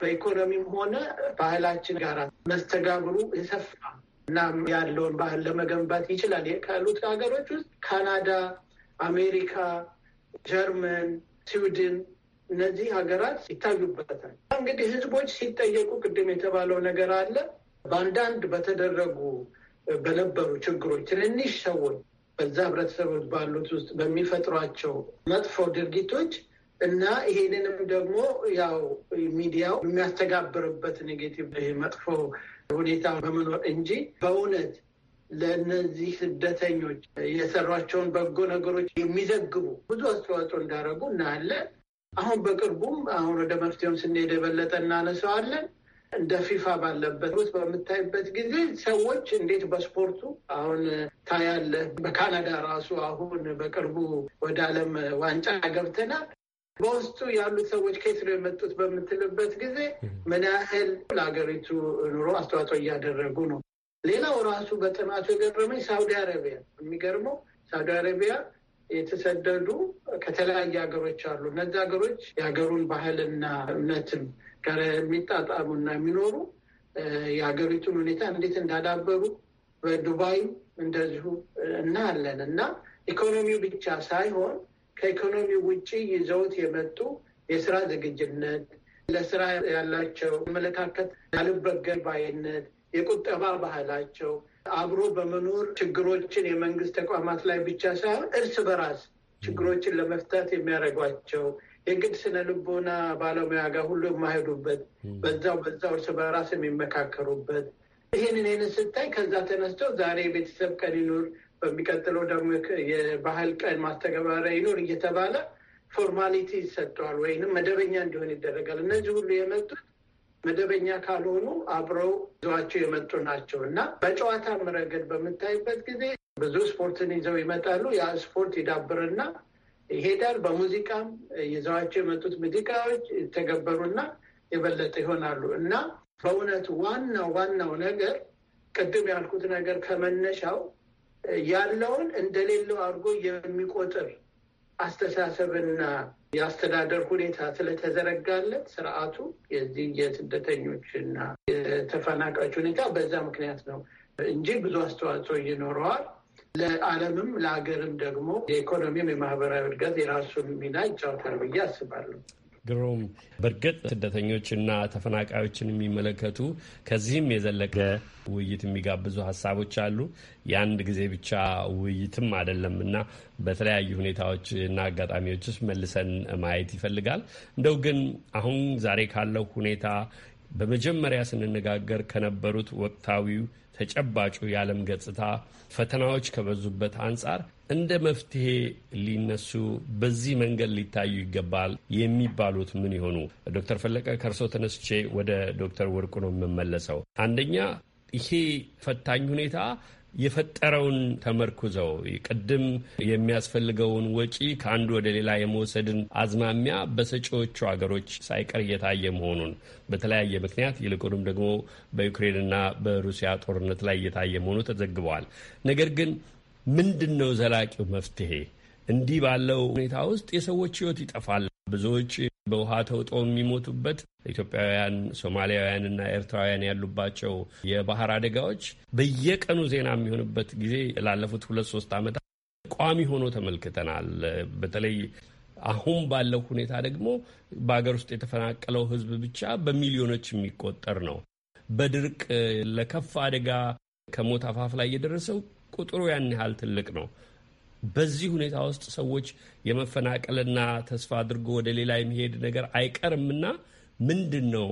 Speaker 1: በኢኮኖሚም ሆነ ባህላችን ጋር መስተጋብሩ የሰፋ እና ያለውን ባህል ለመገንባት ይችላል ካሉት ሀገሮች ውስጥ ካናዳ፣ አሜሪካ፣ ጀርመን፣ ስዊድን እነዚህ ሀገራት ይታዩበታል። እንግዲህ ህዝቦች ሲጠየቁ ቅድም የተባለው ነገር አለ። በአንዳንድ በተደረጉ በነበሩ ችግሮች ትንንሽ ሰዎች በዛ ህብረተሰቦች ባሉት ውስጥ በሚፈጥሯቸው መጥፎ ድርጊቶች እና ይሄንንም ደግሞ ያው ሚዲያው የሚያስተጋብርበት ኔጌቲቭ መጥፎ ሁኔታ በመኖር እንጂ በእውነት ለእነዚህ ስደተኞች የሰሯቸውን በጎ ነገሮች የሚዘግቡ ብዙ አስተዋጽኦ እንዳደረጉ እናያለን። አሁን በቅርቡም አሁን ወደ መፍትሄውም ስንሄድ የበለጠ እናነሰዋለን። እንደ ፊፋ ባለበት ውስጥ በምታይበት ጊዜ ሰዎች እንዴት በስፖርቱ አሁን ታያለህ። በካናዳ ራሱ አሁን በቅርቡ ወደ ዓለም ዋንጫ ገብተናል። በውስጡ ያሉት ሰዎች ከየት ነው የመጡት በምትልበት ጊዜ ምን ያህል ለሀገሪቱ ኑሮ አስተዋጽኦ እያደረጉ ነው። ሌላው ራሱ በጥናቱ የገረመኝ ሳውዲ አረቢያ የሚገርመው ሳውዲ አረቢያ የተሰደዱ ከተለያየ ሀገሮች አሉ። እነዚህ ሀገሮች የሀገሩን ባህልና እምነትም ጋር የሚጣጣሙና የሚኖሩ የሀገሪቱን ሁኔታ እንዴት እንዳዳበሩ በዱባይም እንደዚሁ እናያለን እና ኢኮኖሚው ብቻ ሳይሆን ከኢኮኖሚ ውጭ ይዘውት የመጡ የስራ ዝግጅነት፣ ለስራ ያላቸው አመለካከት፣ ያልበገር ባይነት፣ የቁጠባ ባህላቸው አብሮ በመኖር ችግሮችን የመንግስት ተቋማት ላይ ብቻ ሳይሆን እርስ በራስ ችግሮችን ለመፍታት የሚያደርጓቸው የግድ ስነ ልቦና ባለሙያ ጋር ሁሉ የማሄዱበት በዛው በዛው እርስ በራስ የሚመካከሩበት ይህንን ይህንን ስታይ ከዛ ተነስተው ዛሬ ቤተሰብ ቀን ይኑር በሚቀጥለው ደግሞ የባህል ቀን ማስተገባሪያ ይኖር እየተባለ ፎርማሊቲ ይሰጠዋል ወይንም መደበኛ እንዲሆን ይደረጋል። እነዚህ ሁሉ የመጡት መደበኛ ካልሆኑ አብረው ይዘዋቸው የመጡ ናቸው እና በጨዋታም ረገድ በምታይበት ጊዜ ብዙ ስፖርትን ይዘው ይመጣሉ። ያ ስፖርት ይዳብርና ይሄዳል። በሙዚቃም ይዘዋቸው የመጡት ሙዚቃዎች ይተገበሩና የበለጠ ይሆናሉ እና በእውነት ዋናው ዋናው ነገር ቅድም ያልኩት ነገር ከመነሻው ያለውን እንደሌለው አድርጎ የሚቆጥር አስተሳሰብና የአስተዳደር ሁኔታ ስለተዘረጋለት ስርዓቱ የዚህ የስደተኞችና የተፈናቃዮች ሁኔታ በዛ ምክንያት ነው እንጂ ብዙ አስተዋጽኦ ይኖረዋል። ለዓለምም ለሀገርም ደግሞ የኢኮኖሚም የማህበራዊ እድገት የራሱን ሚና ይጫወታል ብዬ
Speaker 8: አስባለሁ።
Speaker 3: ግሩም። በእርግጥ ስደተኞችና ተፈናቃዮችን የሚመለከቱ ከዚህም የዘለቀ ውይይት የሚጋብዙ ሀሳቦች አሉ። የአንድ ጊዜ ብቻ ውይይትም አይደለም እና በተለያዩ ሁኔታዎች እና አጋጣሚዎች ውስጥ መልሰን ማየት ይፈልጋል። እንደው ግን አሁን ዛሬ ካለው ሁኔታ በመጀመሪያ ስንነጋገር ከነበሩት ወቅታዊው ተጨባጩ የዓለም ገጽታ ፈተናዎች ከበዙበት አንጻር እንደ መፍትሄ ሊነሱ በዚህ መንገድ ሊታዩ ይገባል የሚባሉት ምን ይሆኑ? ዶክተር ፈለቀ ከእርሶ ተነስቼ ወደ ዶክተር ወርቁ ነው የምመለሰው። አንደኛ ይሄ ፈታኝ ሁኔታ የፈጠረውን ተመርኩዘው ቅድም የሚያስፈልገውን ወጪ ከአንዱ ወደ ሌላ የመውሰድን አዝማሚያ በሰጪዎቹ ሀገሮች ሳይቀር እየታየ መሆኑን በተለያየ ምክንያት ይልቁንም ደግሞ በዩክሬንና በሩሲያ ጦርነት ላይ እየታየ መሆኑ ተዘግበዋል። ነገር ግን ምንድን ነው ዘላቂው መፍትሄ? እንዲህ ባለው ሁኔታ ውስጥ የሰዎች ሕይወት ይጠፋል። ብዙዎች በውሃ ተውጠው የሚሞቱበት ኢትዮጵያውያን፣ ሶማሊያውያንና ኤርትራውያን ያሉባቸው የባህር አደጋዎች በየቀኑ ዜና የሚሆንበት ጊዜ ላለፉት ሁለት ሶስት ዓመታት ቋሚ ሆኖ ተመልክተናል። በተለይ አሁን ባለው ሁኔታ ደግሞ በሀገር ውስጥ የተፈናቀለው ሕዝብ ብቻ በሚሊዮኖች የሚቆጠር ነው። በድርቅ ለከፍ አደጋ ከሞት አፋፍ ላይ የደረሰው ቁጥሩ ያን ያህል ትልቅ ነው። በዚህ ሁኔታ ውስጥ ሰዎች የመፈናቀልና ተስፋ አድርጎ ወደ ሌላ የሚሄድ ነገር አይቀርምና ምንድን ነው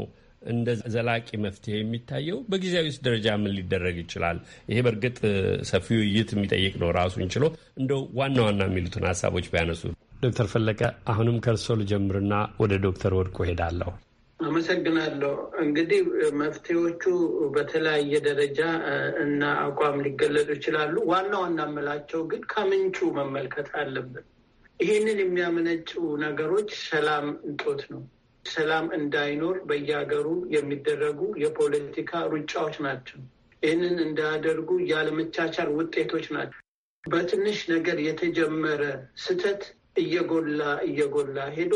Speaker 3: እንደ ዘላቂ መፍትሄ የሚታየው? በጊዜያዊ ውስጥ ደረጃ ምን ሊደረግ ይችላል? ይሄ በእርግጥ ሰፊ ውይይት የሚጠይቅ ነው ራሱን ችሎ። እንደው ዋና ዋና የሚሉትን ሀሳቦች ቢያነሱ። ዶክተር ፈለቀ አሁንም ከእርሶ ልጀምርና ወደ ዶክተር ወድቆ ሄዳለሁ።
Speaker 1: አመሰግናለሁ። እንግዲህ መፍትሄዎቹ በተለያየ ደረጃ እና አቋም ሊገለጡ ይችላሉ። ዋና ዋና መላቸው ግን ከምንጩ መመልከት አለብን። ይህንን የሚያመነጩ ነገሮች ሰላም እጦት ነው። ሰላም እንዳይኖር በየሀገሩ የሚደረጉ የፖለቲካ ሩጫዎች ናቸው። ይህንን እንዳያደርጉ ያለመቻቻል ውጤቶች ናቸው። በትንሽ ነገር የተጀመረ ስህተት እየጎላ እየጎላ ሄዶ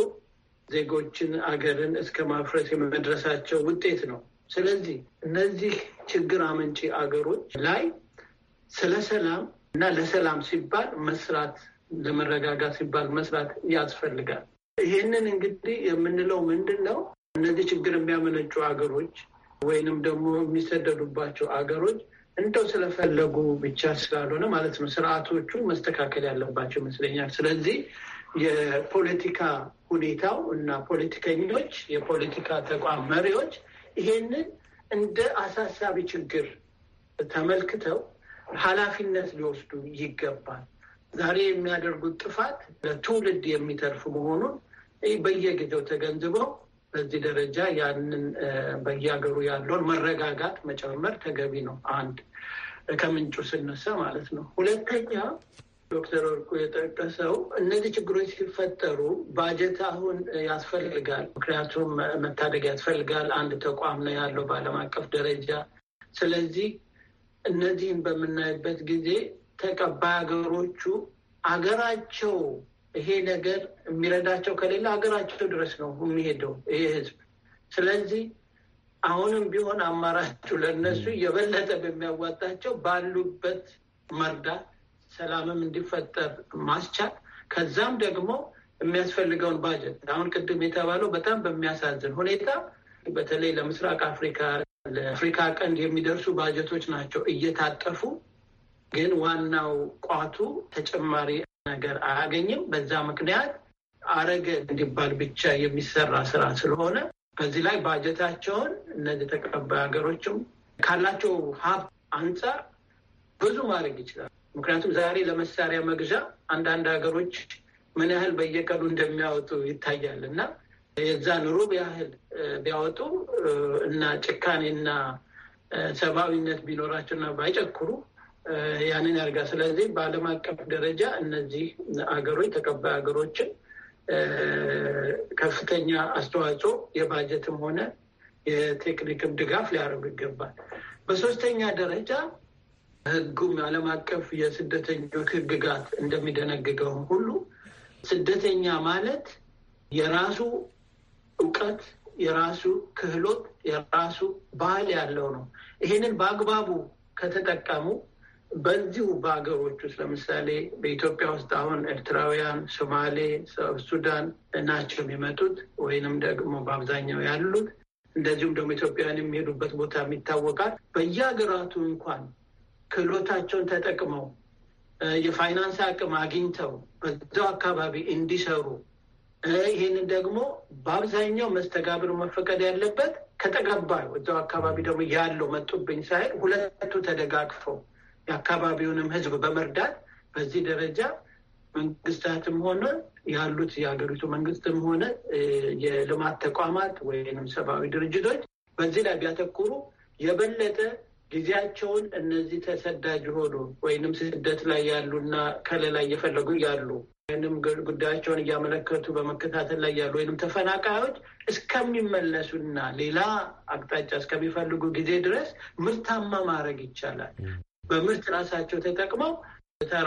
Speaker 1: ዜጎችን፣ አገርን እስከ ማፍረስ የመድረሳቸው ውጤት ነው። ስለዚህ እነዚህ ችግር አመንጪ አገሮች ላይ ስለ ሰላም እና ለሰላም ሲባል መስራት፣ ለመረጋጋት ሲባል መስራት ያስፈልጋል። ይህንን እንግዲህ የምንለው ምንድን ነው? እነዚህ ችግር የሚያመነጩ አገሮች ወይንም ደግሞ የሚሰደዱባቸው አገሮች እንደው ስለፈለጉ ብቻ ስላልሆነ ማለት ነው ስርዓቶቹ መስተካከል ያለባቸው ይመስለኛል። ስለዚህ የፖለቲካ ሁኔታው እና ፖለቲከኞች፣ የፖለቲካ ተቋም መሪዎች ይሄንን እንደ አሳሳቢ ችግር ተመልክተው ኃላፊነት ሊወስዱ ይገባል። ዛሬ የሚያደርጉት ጥፋት ለትውልድ የሚተርፍ መሆኑን በየጊዜው ተገንዝበው በዚህ ደረጃ ያንን በየሀገሩ ያለውን መረጋጋት መጨመር ተገቢ ነው። አንድ ከምንጩ ስነሳ ማለት ነው። ሁለተኛ ዶክተር ወርቁ የጠቀሰው እነዚህ ችግሮች ሲፈጠሩ ባጀት አሁን ያስፈልጋል። ምክንያቱም መታደግ ያስፈልጋል። አንድ ተቋም ነው ያለው በዓለም አቀፍ ደረጃ። ስለዚህ እነዚህን በምናይበት ጊዜ ተቀባይ ሀገሮቹ አገራቸው ይሄ ነገር የሚረዳቸው ከሌለ ሀገራቸው ድረስ ነው የሚሄደው ይሄ ህዝብ። ስለዚህ አሁንም ቢሆን አማራጩ ለእነሱ የበለጠ በሚያዋጣቸው ባሉበት መርዳት ሰላምም እንዲፈጠር ማስቻል ከዛም ደግሞ የሚያስፈልገውን ባጀት አሁን ቅድም የተባለው በጣም በሚያሳዝን ሁኔታ በተለይ ለምስራቅ አፍሪካ ለአፍሪካ ቀንድ የሚደርሱ ባጀቶች ናቸው እየታጠፉ ግን ዋናው ቋቱ ተጨማሪ ነገር አያገኝም። በዛ ምክንያት አረገ እንዲባል ብቻ የሚሰራ ስራ ስለሆነ በዚህ ላይ ባጀታቸውን እነዚህ ተቀባይ ሀገሮችም ካላቸው ሀብት አንጻር ብዙ ማድረግ ይችላል። ምክንያቱም ዛሬ ለመሳሪያ መግዣ አንዳንድ ሀገሮች ምን ያህል በየቀኑ እንደሚያወጡ ይታያል እና የዛን ሩብ ያህል ቢያወጡ እና ጭካኔና ሰብአዊነት ቢኖራቸውና ባይጨክሩ ያንን ያርጋ። ስለዚህ በዓለም አቀፍ ደረጃ እነዚህ አገሮች ተቀባይ ሀገሮችን ከፍተኛ አስተዋጽኦ የባጀትም ሆነ የቴክኒክም ድጋፍ ሊያደርጉ ይገባል። በሶስተኛ ደረጃ ህጉም ዓለም አቀፍ የስደተኞች ህግጋት እንደሚደነግገውም ሁሉ ስደተኛ ማለት የራሱ እውቀት፣ የራሱ ክህሎት፣ የራሱ ባህል ያለው ነው። ይሄንን በአግባቡ ከተጠቀሙ በዚሁ በሀገሮች ውስጥ ለምሳሌ በኢትዮጵያ ውስጥ አሁን ኤርትራውያን፣ ሶማሌ፣ ሱዳን ናቸው የሚመጡት ወይንም ደግሞ በአብዛኛው ያሉት እንደዚሁም ደግሞ ኢትዮጵያውያን የሚሄዱበት ቦታ ይታወቃል። በየሀገራቱ እንኳን ክህሎታቸውን ተጠቅመው የፋይናንስ አቅም አግኝተው በዛው አካባቢ እንዲሰሩ ይህንን ደግሞ በአብዛኛው መስተጋብር መፈቀድ ያለበት ከተገባዩ እዛው አካባቢ ደግሞ ያለው መጡብኝ ሳይል ሁለቱ ተደጋግፈው የአካባቢውንም ህዝብ በመርዳት በዚህ ደረጃ መንግስታትም ሆነ ያሉት የሀገሪቱ መንግስትም ሆነ የልማት ተቋማት ወይም ሰብአዊ ድርጅቶች በዚህ ላይ ቢያተኩሩ የበለጠ ጊዜያቸውን እነዚህ ተሰዳጅ ሆኑ ወይንም ስደት ላይ ያሉና ከለላ እየፈለጉ ያሉ ወይንም ጉዳያቸውን እያመለከቱ በመከታተል ላይ ያሉ ወይንም ተፈናቃዮች እስከሚመለሱና ሌላ አቅጣጫ እስከሚፈልጉ ጊዜ ድረስ ምርታማ ማድረግ ይቻላል። በምርት ራሳቸው ተጠቅመው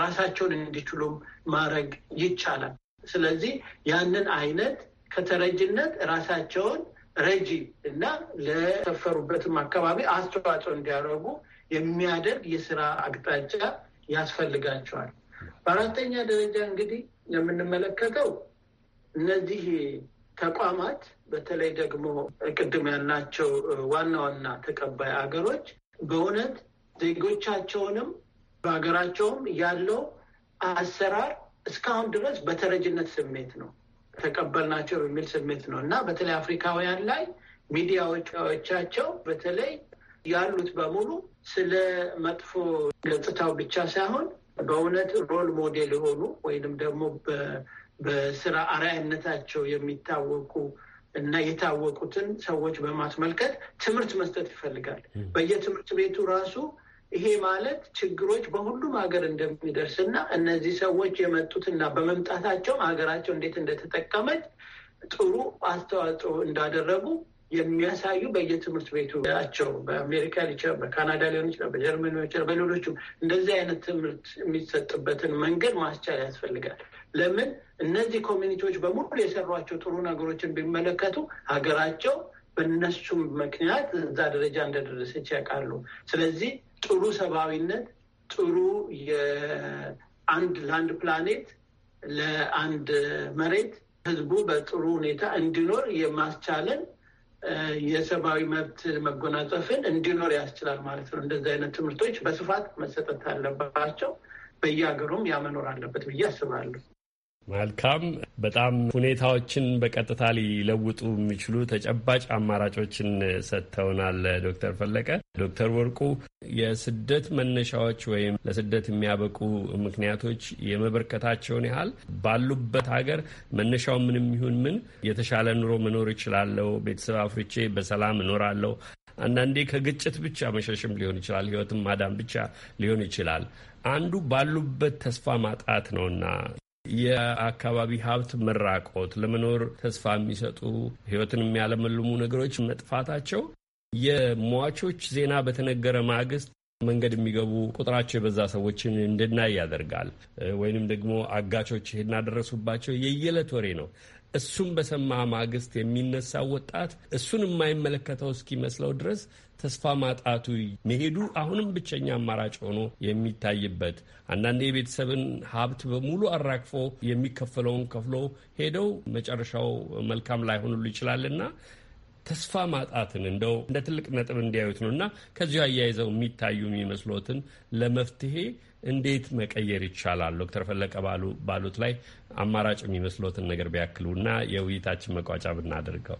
Speaker 1: ራሳቸውን እንዲችሉም ማድረግ ይቻላል። ስለዚህ ያንን አይነት ከተረጅነት ራሳቸውን ረጂ እና ለሰፈሩበትም አካባቢ አስተዋጽኦ እንዲያደርጉ የሚያደርግ የስራ አቅጣጫ ያስፈልጋቸዋል። በአራተኛ ደረጃ እንግዲህ የምንመለከተው እነዚህ ተቋማት በተለይ ደግሞ ቅድም ያልናቸው ዋና ዋና ተቀባይ አገሮች በእውነት ዜጎቻቸውንም በሀገራቸውም ያለው አሰራር እስካሁን ድረስ በተረጅነት ስሜት ነው ተቀበልናቸው የሚል ስሜት ነው እና በተለይ አፍሪካውያን ላይ ሚዲያዎቻቸው በተለይ ያሉት በሙሉ ስለ መጥፎ ገጽታው ብቻ ሳይሆን በእውነት ሮል ሞዴል የሆኑ ወይንም ደግሞ በስራ አርአያነታቸው የሚታወቁ እና የታወቁትን ሰዎች በማስመልከት ትምህርት መስጠት ይፈልጋል። በየትምህርት ቤቱ ራሱ ይሄ ማለት ችግሮች በሁሉም ሀገር እንደሚደርስና እነዚህ ሰዎች የመጡትና በመምጣታቸውም ሀገራቸው እንዴት እንደተጠቀመች ጥሩ አስተዋጽኦ እንዳደረጉ የሚያሳዩ በየትምህርት ቤቱ ናቸው። በአሜሪካ ሊሆን በካናዳ ሊሆን ይችላል፣ በጀርመን ሊሆን ይችላል፣ በሌሎችም እንደዚህ አይነት ትምህርት የሚሰጥበትን መንገድ ማስቻል ያስፈልጋል። ለምን እነዚህ ኮሚኒቲዎች በሙሉ የሰሯቸው ጥሩ ነገሮችን ቢመለከቱ ሀገራቸው በነሱም ምክንያት እዛ ደረጃ እንደደረሰች ያውቃሉ። ስለዚህ ጥሩ ሰብአዊነት፣ ጥሩ የአንድ ለአንድ ፕላኔት ለአንድ መሬት ህዝቡ በጥሩ ሁኔታ እንዲኖር የማስቻለን የሰብአዊ መብት መጎናጸፍን እንዲኖር ያስችላል ማለት ነው። እንደዚህ አይነት ትምህርቶች በስፋት መሰጠት አለባቸው። በየሀገሩም ያመኖር አለበት ብዬ አስባለሁ።
Speaker 3: መልካም። በጣም ሁኔታዎችን በቀጥታ ሊለውጡ የሚችሉ ተጨባጭ አማራጮችን ሰጥተውናል ዶክተር ፈለቀ። ዶክተር ወርቁ የስደት መነሻዎች ወይም ለስደት የሚያበቁ ምክንያቶች የመበርከታቸውን ያህል ባሉበት ሀገር መነሻው ምንም ይሁን ምን የተሻለ ኑሮ መኖር ይችላለው፣ ቤተሰብ አፍርቼ በሰላም እኖራለሁ። አንዳንዴ ከግጭት ብቻ መሸሽም ሊሆን ይችላል፣ ህይወትም ማዳን ብቻ ሊሆን ይችላል። አንዱ ባሉበት ተስፋ ማጣት ነውና የአካባቢ ሀብት መራቆት፣ ለመኖር ተስፋ የሚሰጡ ህይወትን የሚያለመልሙ ነገሮች መጥፋታቸው የሟቾች ዜና በተነገረ ማግስት መንገድ የሚገቡ ቁጥራቸው የበዛ ሰዎችን እንድናይ ያደርጋል። ወይንም ደግሞ አጋቾች ይሄን አደረሱባቸው የየዕለት ወሬ ነው። እሱን በሰማ ማግስት የሚነሳው ወጣት እሱን የማይመለከተው እስኪመስለው ድረስ ተስፋ ማጣቱ መሄዱ አሁንም ብቸኛ አማራጭ ሆኖ የሚታይበት አንዳንድ የቤተሰብን ሀብት በሙሉ አራግፎ የሚከፈለውን ከፍሎ ሄደው መጨረሻው መልካም ላይሆንሉ ይችላልና ተስፋ ማጣትን እንደው እንደ ትልቅ ነጥብ እንዲያዩት ነው እና ከዚሁ አያይዘው የሚታዩ የሚመስሎትን ለመፍትሄ እንዴት መቀየር ይቻላል? ዶክተር ፈለቀ ባሉት ላይ አማራጭ የሚመስሎትን ነገር ቢያክሉ እና የውይይታችን መቋጫ ብናደርገው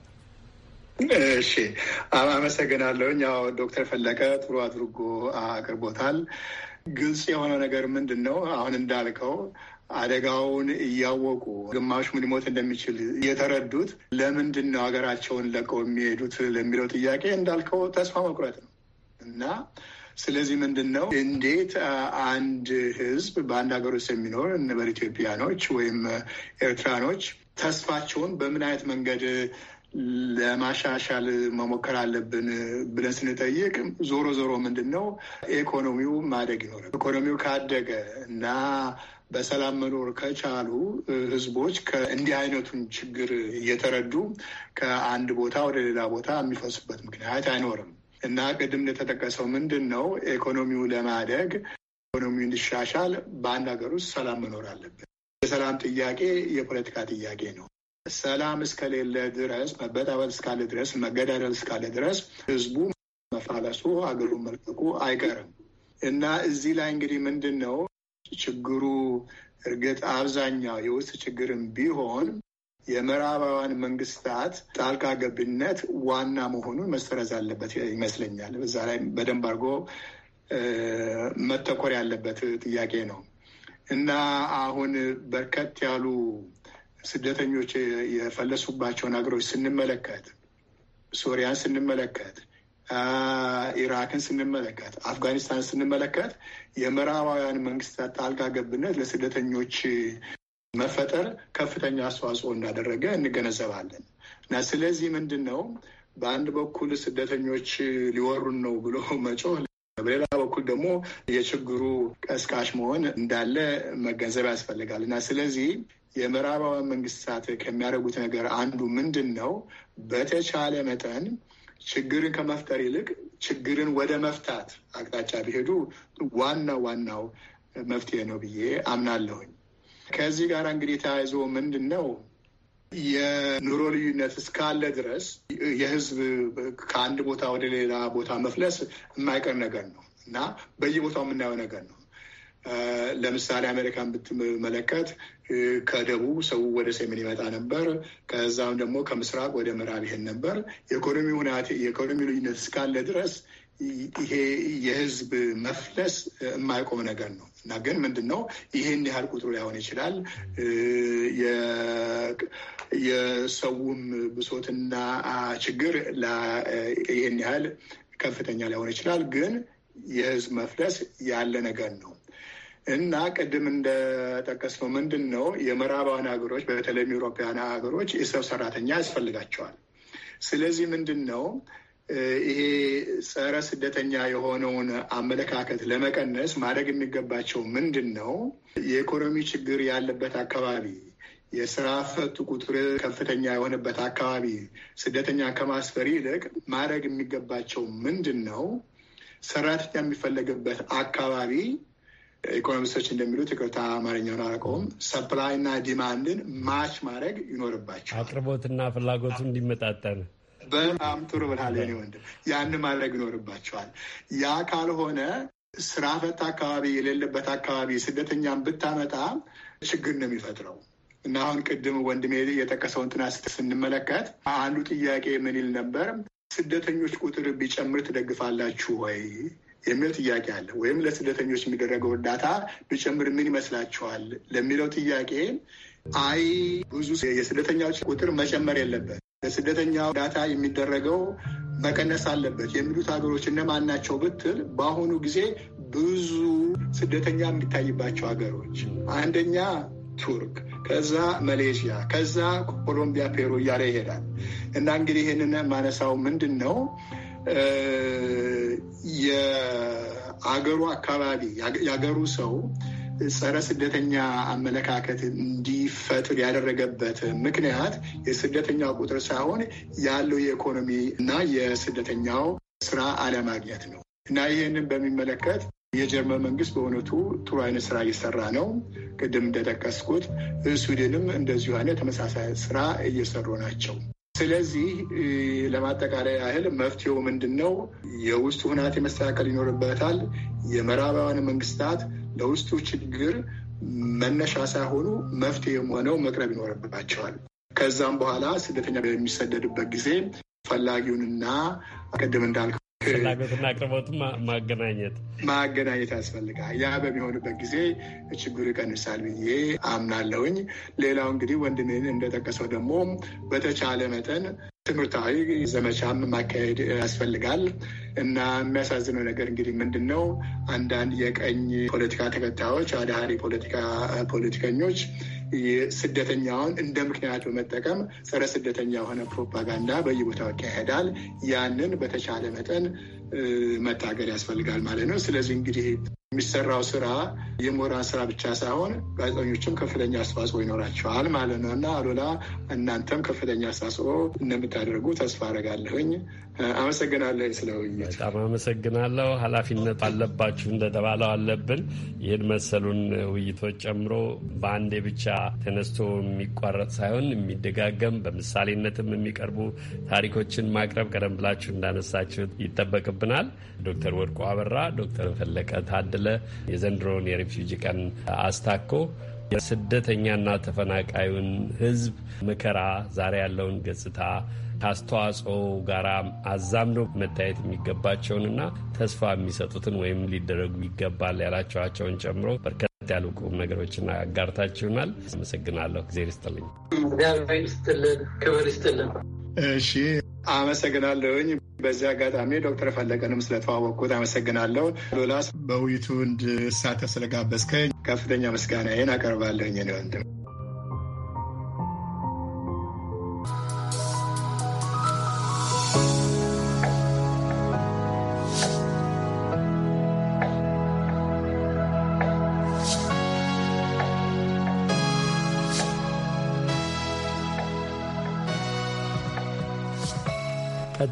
Speaker 2: እሺ አመሰግናለሁኝ። ያው ዶክተር ፈለቀ ጥሩ አድርጎ አቅርቦታል። ግልጽ የሆነ ነገር ምንድን ነው አሁን እንዳልከው አደጋውን እያወቁ ግማሹም ሊሞት እንደሚችል የተረዱት ለምንድን ነው ሀገራቸውን ለቀው የሚሄዱት ለሚለው ጥያቄ እንዳልከው ተስፋ መቁረጥ ነው እና ስለዚህ ምንድን ነው እንዴት አንድ ህዝብ በአንድ ሀገር ውስጥ የሚኖር እንበል ኢትዮጵያኖች ወይም ኤርትራኖች ተስፋቸውን በምን አይነት መንገድ ለማሻሻል መሞከር አለብን ብለን ስንጠይቅ ዞሮ ዞሮ ምንድን ነው ኢኮኖሚው ማደግ ይኖራል። ኢኮኖሚው ካደገ እና በሰላም መኖር ከቻሉ ህዝቦች እንዲህ አይነቱን ችግር እየተረዱ ከአንድ ቦታ ወደ ሌላ ቦታ የሚፈሱበት ምክንያት አይኖርም እና ቅድም እንደተጠቀሰው ምንድን ነው ኢኮኖሚው ለማደግ ኢኮኖሚው እንዲሻሻል በአንድ ሀገር ውስጥ ሰላም መኖር አለብን። የሰላም ጥያቄ የፖለቲካ ጥያቄ ነው። ሰላም እስከሌለ ድረስ መበጣበጥ እስካለ ድረስ መገዳደል እስካለ ድረስ ህዝቡ መፋለሱ አገሩ መልቀቁ አይቀርም እና እዚህ ላይ እንግዲህ ምንድን ነው ችግሩ? እርግጥ አብዛኛው የውስጥ ችግርም ቢሆን የምዕራባውያን መንግስታት ጣልቃ ገብነት ዋና መሆኑን መሰረዝ አለበት ይመስለኛል። በዛ ላይ በደንብ አድርጎ መተኮር ያለበት ጥያቄ ነው እና አሁን በርከት ያሉ ስደተኞች የፈለሱባቸውን ሀገሮች ስንመለከት፣ ሶሪያን ስንመለከት፣ ኢራክን ስንመለከት፣ አፍጋኒስታን ስንመለከት የምዕራባውያን መንግስታት ጣልቃ ገብነት ለስደተኞች መፈጠር ከፍተኛ አስተዋጽኦ እንዳደረገ እንገነዘባለን እና ስለዚህ ምንድን ነው በአንድ በኩል ስደተኞች ሊወሩን ነው ብሎ መጮህ፣ በሌላ በኩል ደግሞ የችግሩ ቀስቃሽ መሆን እንዳለ መገንዘብ ያስፈልጋል እና ስለዚህ የምዕራባዊ መንግስታት ከሚያደርጉት ነገር አንዱ ምንድን ነው? በተቻለ መጠን ችግርን ከመፍጠር ይልቅ ችግርን ወደ መፍታት አቅጣጫ ቢሄዱ ዋና ዋናው መፍትሄ ነው ብዬ አምናለሁኝ። ከዚህ ጋር እንግዲህ ተያይዞ ምንድን ነው የኑሮ ልዩነት እስካለ ድረስ የህዝብ ከአንድ ቦታ ወደ ሌላ ቦታ መፍለስ የማይቀር ነገር ነው እና በየቦታው የምናየው ነገር ነው። ለምሳሌ አሜሪካን ብትመለከት ከደቡብ ሰው ወደ ሰሜን ይመጣ ነበር። ከዛም ደግሞ ከምስራቅ ወደ ምዕራብ ይሄን ነበር። የኢኮኖሚ ሁናቴ የኢኮኖሚ ልዩነት እስካለ ድረስ ይሄ የህዝብ መፍለስ የማይቆም ነገር ነው እና ግን ምንድን ነው ይህን ያህል ቁጥሩ ሊሆን ይችላል። የሰውም ብሶትና ችግር ይህን ያህል ከፍተኛ ሊሆን ይችላል። ግን የህዝብ መፍለስ ያለ ነገር ነው። እና ቅድም እንደጠቀስነው ምንድን ነው የምዕራባውያን ሀገሮች በተለይም ዩሮፓውያን ሀገሮች የሰው ሰራተኛ ያስፈልጋቸዋል። ስለዚህ ምንድን ነው ይሄ ጸረ ስደተኛ የሆነውን አመለካከት ለመቀነስ ማድረግ የሚገባቸው ምንድን ነው? የኢኮኖሚ ችግር ያለበት አካባቢ፣ የስራ ፈቱ ቁጥር ከፍተኛ የሆነበት አካባቢ ስደተኛ ከማስፈር ይልቅ ማድረግ የሚገባቸው ምንድን ነው? ሰራተኛ የሚፈለግበት አካባቢ ኢኮኖሚስቶች እንደሚሉት ይቅርታ አማርኛውን አላውቀውም፣ ሰፕላይ እና ዲማንድን ማች ማድረግ ይኖርባቸዋል።
Speaker 3: አቅርቦትና ፍላጎቱ እንዲመጣጠን
Speaker 2: በጣም ጥሩ ብላለ ወንድም፣ ያን ማድረግ ይኖርባቸዋል። ያ ካልሆነ ስራ ፈት አካባቢ የሌለበት አካባቢ ስደተኛን ብታመጣ ችግር ነው የሚፈጥረው እና አሁን ቅድም ወንድሜ የጠቀሰውን ጥናት ስንመለከት አንዱ ጥያቄ ምን ይል ነበር? ስደተኞች ቁጥር ቢጨምር ትደግፋላችሁ ወይ የሚል ጥያቄ አለ። ወይም ለስደተኞች የሚደረገው እርዳታ ብጨምር ምን ይመስላችኋል ለሚለው ጥያቄ አይ ብዙ የስደተኛዎች ቁጥር መጨመር የለበት፣ ለስደተኛ እርዳታ የሚደረገው መቀነስ አለበት የሚሉት ሀገሮች እነማን ናቸው ብትል በአሁኑ ጊዜ ብዙ ስደተኛ የሚታይባቸው ሀገሮች አንደኛ ቱርክ፣ ከዛ መሌዥያ፣ ከዛ ኮሎምቢያ፣ ፔሩ እያለ ይሄዳል እና እንግዲህ ይህንን ማነሳው ምንድን ነው የአገሩ አካባቢ የአገሩ ሰው ጸረ ስደተኛ አመለካከት እንዲፈጥር ያደረገበት ምክንያት የስደተኛው ቁጥር ሳይሆን ያለው የኢኮኖሚ እና የስደተኛው ስራ አለማግኘት ነው እና ይህንን በሚመለከት የጀርመን መንግስት በእውነቱ ጥሩ አይነት ስራ እየሰራ ነው። ቅድም እንደጠቀስኩት ስዊድንም እንደዚሁ አይነት ተመሳሳይ ስራ እየሰሩ ናቸው። ስለዚህ ለማጠቃለያ ያህል መፍትሄው ምንድን ነው? የውስጡ ሁናቴ መስተካከል ይኖርበታል። የምዕራባውያን መንግስታት ለውስጡ ችግር መነሻ ሳይሆኑ መፍትሄም ሆነው መቅረብ ይኖርባቸዋል። ከዛም በኋላ ስደተኛ በሚሰደድበት ጊዜ ፈላጊውንና ቅድም እንዳልከው
Speaker 3: ፍላጎትና አቅርቦት
Speaker 2: ማገናኘት ማገናኘት ያስፈልጋል። ያ በሚሆንበት ጊዜ ችግሩ ይቀንሳል ብዬ አምናለሁኝ። ሌላው እንግዲህ ወንድሜን እንደጠቀሰው ደግሞ በተቻለ መጠን ትምህርታዊ ዘመቻም ማካሄድ ያስፈልጋል እና የሚያሳዝነው ነገር እንግዲህ ምንድን ነው አንዳንድ የቀኝ ፖለቲካ ተከታዮች አዳሪ ፖለቲካ ፖለቲከኞች ስደተኛውን እንደ ምክንያት በመጠቀም ጸረ ስደተኛ የሆነ ፕሮፓጋንዳ በየቦታው ይካሄዳል። ያንን በተቻለ መጠን መታገር ያስፈልጋል ማለት ነው። ስለዚህ እንግዲህ የሚሰራው ስራ የምሁራን ስራ ብቻ ሳይሆን ጋዜጠኞችም ከፍተኛ አስተዋጽኦ ይኖራቸዋል ማለት ነው እና አሉላ እናንተም ከፍተኛ አስተዋጽኦ እንደምታደርጉ ተስፋ አረጋለሁኝ። አመሰግናለሁ ስለ ውይይት።
Speaker 3: በጣም አመሰግናለሁ። ኃላፊነት አለባችሁ እንደተባለው አለብን። ይህን መሰሉን ውይይቶች ጨምሮ በአንዴ ብቻ ተነስቶ የሚቋረጥ ሳይሆን የሚደጋገም በምሳሌነትም የሚቀርቡ ታሪኮችን ማቅረብ ቀደም ብላችሁ እንዳነሳችሁት ይጠበቅባል ይኖርብናል። ዶክተር ወርቁ አበራ፣ ዶክተር ፈለቀ ታደለ የዘንድሮውን የሬፊውጂ ቀን አስታኮ የስደተኛና ተፈናቃዩን ሕዝብ መከራ ዛሬ ያለውን ገጽታ ከአስተዋጽኦ ጋር አዛምዶ መታየት የሚገባቸውንና ተስፋ የሚሰጡትን ወይም ሊደረጉ ይገባል ያላቸዋቸውን ጨምሮ በርከት ያሉ ቁም ነገሮችን አጋርታችሁናል። አመሰግናለሁ። እግዜር
Speaker 2: ይስጥልኝ። እሺ አመሰግናለሁኝ። በዚህ አጋጣሚ ዶክተር ፈለቀንም ስለተዋወቅኩት አመሰግናለሁ። ሎላስ በውይይቱ እንድሳተፍ ስለጋበዝከኝ ከፍተኛ ምስጋናዬን አቀርባለሁኝ ወንድም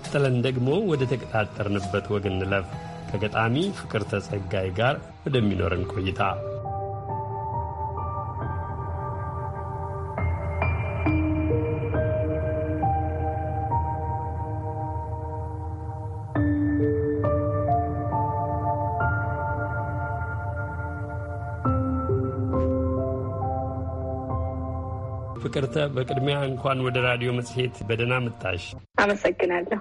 Speaker 3: ቀጥለን ደግሞ ወደ ተቀጣጠርንበት ወግ እንለፍ ከገጣሚ ፍቅር ተጸጋይ ጋር ወደሚኖረን ቆይታ ፍቅርተ፣ በቅድሚያ እንኳን ወደ ራዲዮ መጽሔት በደህና መጣሽ።
Speaker 5: አመሰግናለሁ።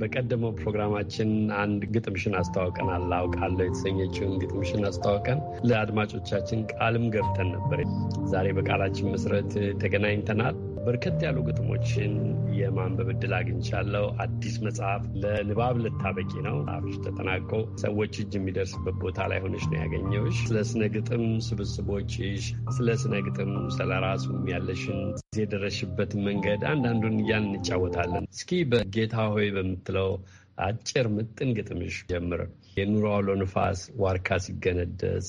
Speaker 3: በቀደመው ፕሮግራማችን አንድ ግጥምሽን አስተዋውቀናል። አውቃለሁ የተሰኘችውን ግጥምሽን አስተዋውቀን ለአድማጮቻችን ቃልም ገብተን ነበር። ዛሬ በቃላችን መሰረት ተገናኝተናል። በርከት ያሉ ግጥሞችን የማንበብ እድል አግኝቻለሁ። አዲስ መጽሐፍ ለንባብ ልታበቂ ነው። አፍሽ ተጠናቆ ሰዎች እጅ የሚደርስበት ቦታ ላይ ሆነች ነው ያገኘሁሽ። ስለ ስነ ግጥም ስብስቦችሽ፣ ስለ ስነ ግጥም ስለ ራሱም ያለሽን የደረሽበት መንገድ አንዳንዱን እያን እንጫወታለን። እስኪ በጌታ ሆይ በምትለው አጭር ምጥን ግጥምሽ ጀምር። የኑሮ አውሎ ንፋስ ዋርካ ሲገነደስ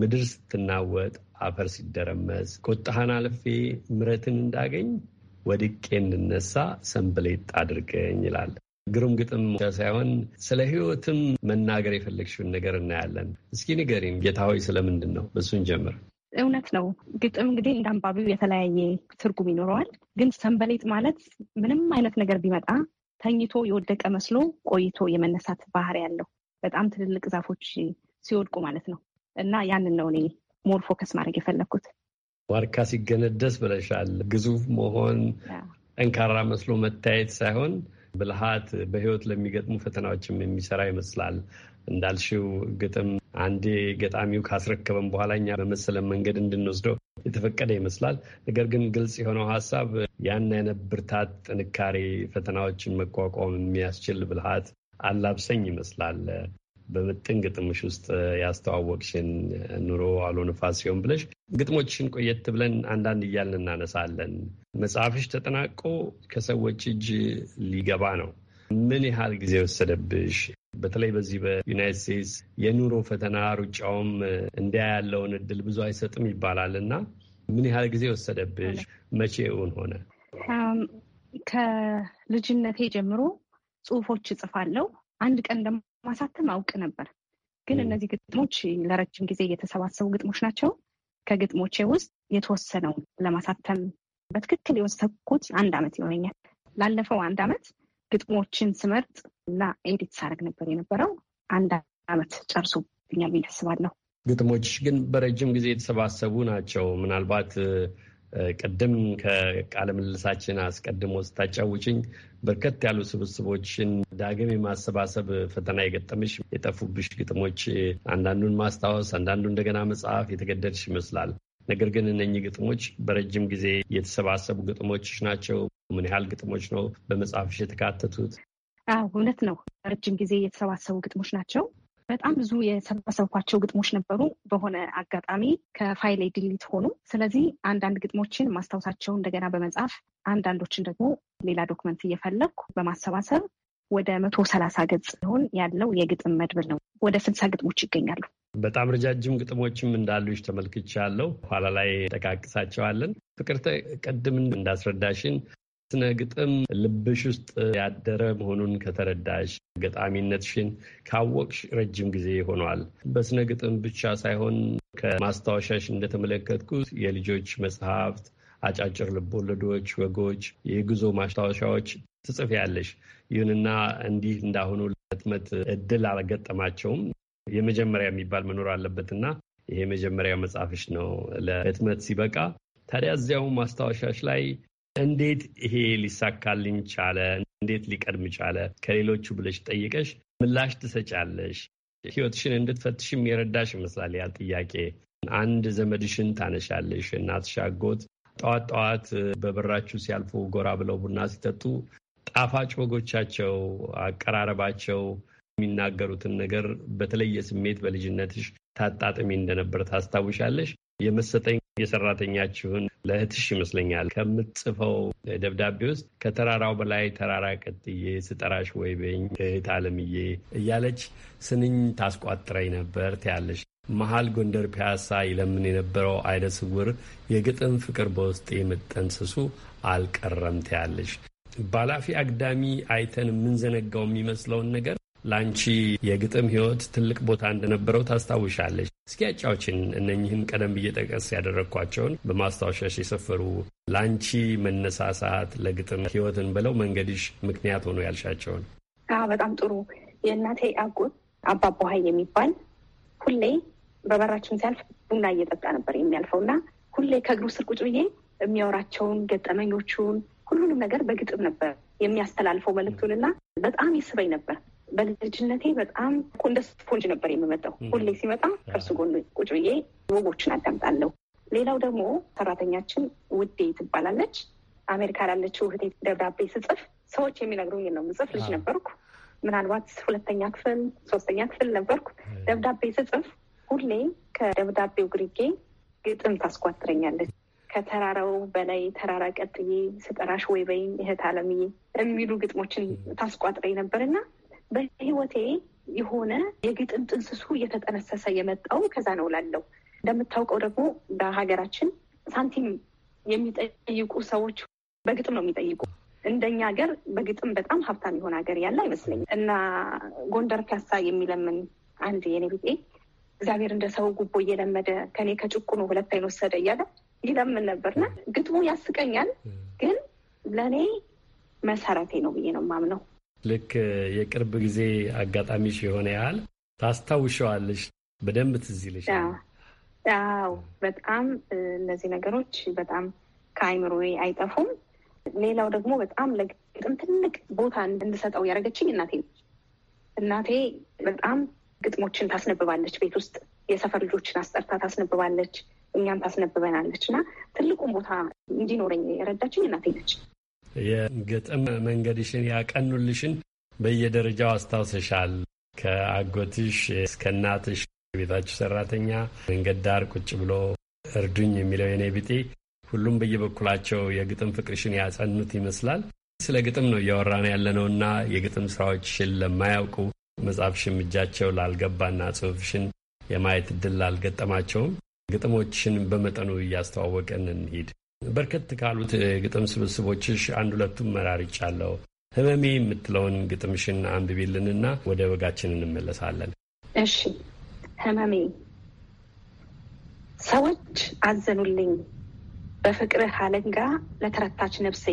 Speaker 3: ምድር ስትናወጥ፣ አፈር ሲደረመስ ቁጣህን አልፌ ምረትን እንዳገኝ ወድቄ እንድነሳ ሰንበሌጥ አድርገኝ ይላል። ግሩም ግጥም ሳይሆን ስለ ህይወትም መናገር የፈለግሽውን ነገር እናያለን። እስኪ ንገሪን ጌታ ሆይ ስለምንድን ነው? በሱን ጀምር።
Speaker 5: እውነት ነው። ግጥም እንግዲህ እንደ አንባቢው የተለያየ ትርጉም ይኖረዋል። ግን ሰንበሌጥ ማለት ምንም አይነት ነገር ቢመጣ ተኝቶ የወደቀ መስሎ ቆይቶ የመነሳት ባህሪ ያለው በጣም ትልልቅ ዛፎች ሲወድቁ ማለት ነው። እና ያንን ነው እኔ ሞር ፎከስ ማድረግ የፈለግኩት።
Speaker 3: ዋርካ ሲገነደስ ብለሻል። ግዙፍ መሆን ጠንካራ መስሎ መታየት ሳይሆን ብልሃት በህይወት ለሚገጥሙ ፈተናዎችም የሚሰራ ይመስላል። እንዳልሽው ግጥም አንዴ ገጣሚው ካስረከበን በኋላ እኛ በመሰለን መንገድ እንድንወስደው የተፈቀደ ይመስላል። ነገር ግን ግልጽ የሆነው ሀሳብ ያን አይነት ብርታት፣ ጥንካሬ፣ ፈተናዎችን መቋቋም የሚያስችል ብልሃት አላብሰኝ ይመስላል። በምጥን ግጥምሽ ውስጥ ያስተዋወቅሽን ኑሮ አሎ ንፋስ ሲሆን ብለሽ ግጥሞችሽን ቆየት ብለን አንዳንድ እያልን እናነሳለን። መጽሐፍሽ ተጠናቆ ከሰዎች እጅ ሊገባ ነው። ምን ያህል ጊዜ ወሰደብሽ? በተለይ በዚህ በዩናይት ስቴትስ የኑሮ ፈተና ሩጫውም እንዲያ ያለውን እድል ብዙ አይሰጥም ይባላል እና ምን ያህል ጊዜ ወሰደብሽ? መቼውን ሆነ?
Speaker 5: ከልጅነቴ ጀምሮ ጽሁፎች እጽፋለሁ። አንድ ቀን ደግሞ ማሳተም አውቅ ነበር፣ ግን እነዚህ ግጥሞች ለረጅም ጊዜ የተሰባሰቡ ግጥሞች ናቸው። ከግጥሞቼ ውስጥ የተወሰነውን ለማሳተም በትክክል የወሰኩት አንድ ዓመት ይሆነኛል። ላለፈው አንድ ዓመት ግጥሞችን ስመርጥ እና ኤዲት ሳደርግ ነበር የነበረው። አንድ ዓመት ጨርሶብኛል ብዬ አስባለሁ።
Speaker 3: ግጥሞች ግን በረጅም ጊዜ የተሰባሰቡ ናቸው። ምናልባት ቅድም ከቃለ ምልልሳችን አስቀድሞ ስታጫውጭኝ በርከት ያሉ ስብስቦችን ዳግም የማሰባሰብ ፈተና የገጠምሽ የጠፉብሽ ግጥሞች አንዳንዱን ማስታወስ፣ አንዳንዱ እንደገና መጽሐፍ የተገደድሽ ይመስላል። ነገር ግን እነኚህ ግጥሞች በረጅም ጊዜ የተሰባሰቡ ግጥሞችሽ ናቸው። ምን ያህል ግጥሞች ነው በመጽሐፍሽ የተካተቱት?
Speaker 5: እውነት ነው። ረጅም ጊዜ የተሰባሰቡ ግጥሞች ናቸው። በጣም ብዙ የሰበሰብኳቸው ግጥሞች ነበሩ። በሆነ አጋጣሚ ከፋይሌ ድሊት ሆኑ። ስለዚህ አንዳንድ ግጥሞችን ማስታወሳቸው እንደገና በመጻፍ አንዳንዶችን ደግሞ ሌላ ዶክመንት እየፈለግኩ በማሰባሰብ ወደ መቶ ሰላሳ ገጽ ሲሆን ያለው የግጥም መድብል ነው። ወደ ስልሳ ግጥሞች ይገኛሉ።
Speaker 3: በጣም ረጃጅም ግጥሞችም እንዳሉሽ ተመልክቻለሁ። ኋላ ላይ ጠቃቅሳቸዋለን። ፍቅርተ፣ ቅድም እንዳስረዳሽን ስነ ግጥም ልብሽ ውስጥ ያደረ መሆኑን ከተረዳሽ ገጣሚነትሽን ካወቅሽ ረጅም ጊዜ ሆኗል። በስነ ግጥም ብቻ ሳይሆን ከማስታወሻሽ እንደተመለከትኩት የልጆች መጽሐፍት፣ አጫጭር ልቦለዶች፣ ወጎች፣ የጉዞ ማስታወሻዎች ትጽፊያለሽ። ይሁንና እንዲህ እንዳሁኑ ለህትመት እድል አልገጠማቸውም። የመጀመሪያ የሚባል መኖር አለበትና ይሄ መጀመሪያ መጽሐፍሽ ነው ለህትመት ሲበቃ ታዲያ እዚያው ማስታወሻሽ ላይ እንዴት ይሄ ሊሳካልኝ ቻለ? እንዴት ሊቀድም ቻለ? ከሌሎቹ ብለሽ ጠይቀሽ ምላሽ ትሰጫለሽ። ህይወትሽን እንድትፈትሽም የረዳሽ ይመስላል ያ ጥያቄ። አንድ ዘመድሽን ታነሻለሽ። እናትሽ፣ አጎት ጠዋት ጠዋት በበራችሁ ሲያልፉ ጎራ ብለው ቡና ሲጠጡ ጣፋጭ ወጎቻቸው፣ አቀራረባቸው የሚናገሩትን ነገር በተለየ ስሜት በልጅነትሽ ታጣጥሚ እንደነበር ታስታውሻለሽ። የመሰጠኝ የሰራተኛችሁን ለእህትሽ ይመስለኛል ከምትጽፈው ደብዳቤ ውስጥ ከተራራው በላይ ተራራ ቀጥዬ ስጠራሽ ወይ በኝ እህት አለምዬ እያለች ስንኝ ታስቋጥረኝ ነበር ትያለሽ። መሀል ጎንደር ፒያሳ ይለምን የነበረው አይነ ስውር የግጥም ፍቅር በውስጤ መጠንስሱ አልቀረም ትያለሽ። ባላፊ አግዳሚ አይተን የምንዘነጋው የሚመስለውን ነገር ለአንቺ የግጥም ህይወት ትልቅ ቦታ እንደነበረው ታስታውሻለች። እስኪ ያጫዎችን እነኝህን ቀደም ብዬ ጠቀስ ያደረግኳቸውን በማስታወሻሽ የሰፈሩ ለአንቺ መነሳሳት ለግጥም ህይወትን ብለው መንገድሽ ምክንያት ሆኖ ያልሻቸውን።
Speaker 5: በጣም ጥሩ። የእናቴ አጎት አባባ ውሀይ የሚባል ሁሌ በበራችን ሲያልፍ ቡና እየጠጣ ነበር የሚያልፈው እና ሁሌ ከእግሩ ስር ቁጭ ብዬ የሚያወራቸውን ገጠመኞቹን ሁሉንም ነገር በግጥም ነበር የሚያስተላልፈው መልእክቱን እና በጣም ይስበኝ ነበር። በልጅነቴ በጣም እንደ ስፖንጅ ነበር የምመጣው። ሁሌ ሲመጣ ከእርሱ ጎን ቁጭ ብዬ ወጎችን አዳምጣለሁ። ሌላው ደግሞ ሰራተኛችን ውዴ ትባላለች። አሜሪካ ላለችው እህቴ ደብዳቤ ስጽፍ ሰዎች የሚነግሩኝ ነው። ምጽፍ ልጅ ነበርኩ። ምናልባት ሁለተኛ ክፍል ሶስተኛ ክፍል ነበርኩ። ደብዳቤ ስጽፍ ሁሌ ከደብዳቤው ግርጌ ግጥም ታስኳትረኛለች። ከተራራው በላይ ተራራ ቀጥዬ ስጠራሽ ወይ በይኝ እህት አለምዬ የሚሉ ግጥሞችን ታስቋጥረኝ ነበርና በህይወቴ የሆነ የግጥም ጥንስሱ እየተጠነሰሰ የመጣው ከዛ ነው ላለው። እንደምታውቀው ደግሞ በሀገራችን ሳንቲም የሚጠይቁ ሰዎች በግጥም ነው የሚጠይቁ። እንደኛ ሀገር በግጥም በጣም ሀብታም የሆነ ሀገር ያለ አይመስለኝም። እና ጎንደር ፒያሳ የሚለምን አንድ የኔ ቢጤ እግዚአብሔር እንደ ሰው ጉቦ እየለመደ ከኔ ከጭቁኑ ሁለት አይን ወሰደ እያለ ይለምን ነበርና ግጥሙ ያስቀኛል፣ ግን ለእኔ መሰረቴ ነው ብዬ ነው የማምነው።
Speaker 3: ልክ የቅርብ ጊዜ አጋጣሚሽ የሆነ ያህል ታስታውሸዋለሽ፣ በደንብ ትዝ ይልሽ።
Speaker 5: አዎ፣ በጣም እነዚህ ነገሮች በጣም ከአይምሮ አይጠፉም። ሌላው ደግሞ በጣም ለግጥም ትልቅ ቦታ እንድሰጠው ያደረገችኝ እናቴ ነች። እናቴ በጣም ግጥሞችን ታስነብባለች። ቤት ውስጥ የሰፈር ልጆችን አስጠርታ ታስነብባለች፣ እኛም ታስነብበናለች እና ትልቁን ቦታ እንዲኖረኝ የረዳችኝ እናቴ ነች።
Speaker 3: የግጥም መንገድሽን ያቀኑልሽን በየደረጃው አስታውሰሻል። ከአጎትሽ እስከ እናትሽ ቤታችሁ ሰራተኛ መንገድ ዳር ቁጭ ብሎ እርዱኝ የሚለው የኔ ቢጤ ሁሉም በየበኩላቸው የግጥም ፍቅርሽን ያጸኑት ይመስላል። ስለ ግጥም ነው እያወራን ያለነውና የግጥም ስራዎችሽን ለማያውቁ መጽሐፍሽን እጃቸው ላልገባና ጽሁፍሽን የማየት እድል ላልገጠማቸውም ግጥሞችን በመጠኑ እያስተዋወቀን እንሂድ። በርከት ካሉት ግጥም ስብስቦችሽ አንድ ሁለቱም መራርጫለሁ። ህመሜ የምትለውን ግጥምሽን አንብቢልንና ወደ ወጋችን እንመለሳለን።
Speaker 5: እሺ። ህመሜ ሰዎች አዘኑልኝ በፍቅርህ አለንጋ ለተረታች ነፍሴ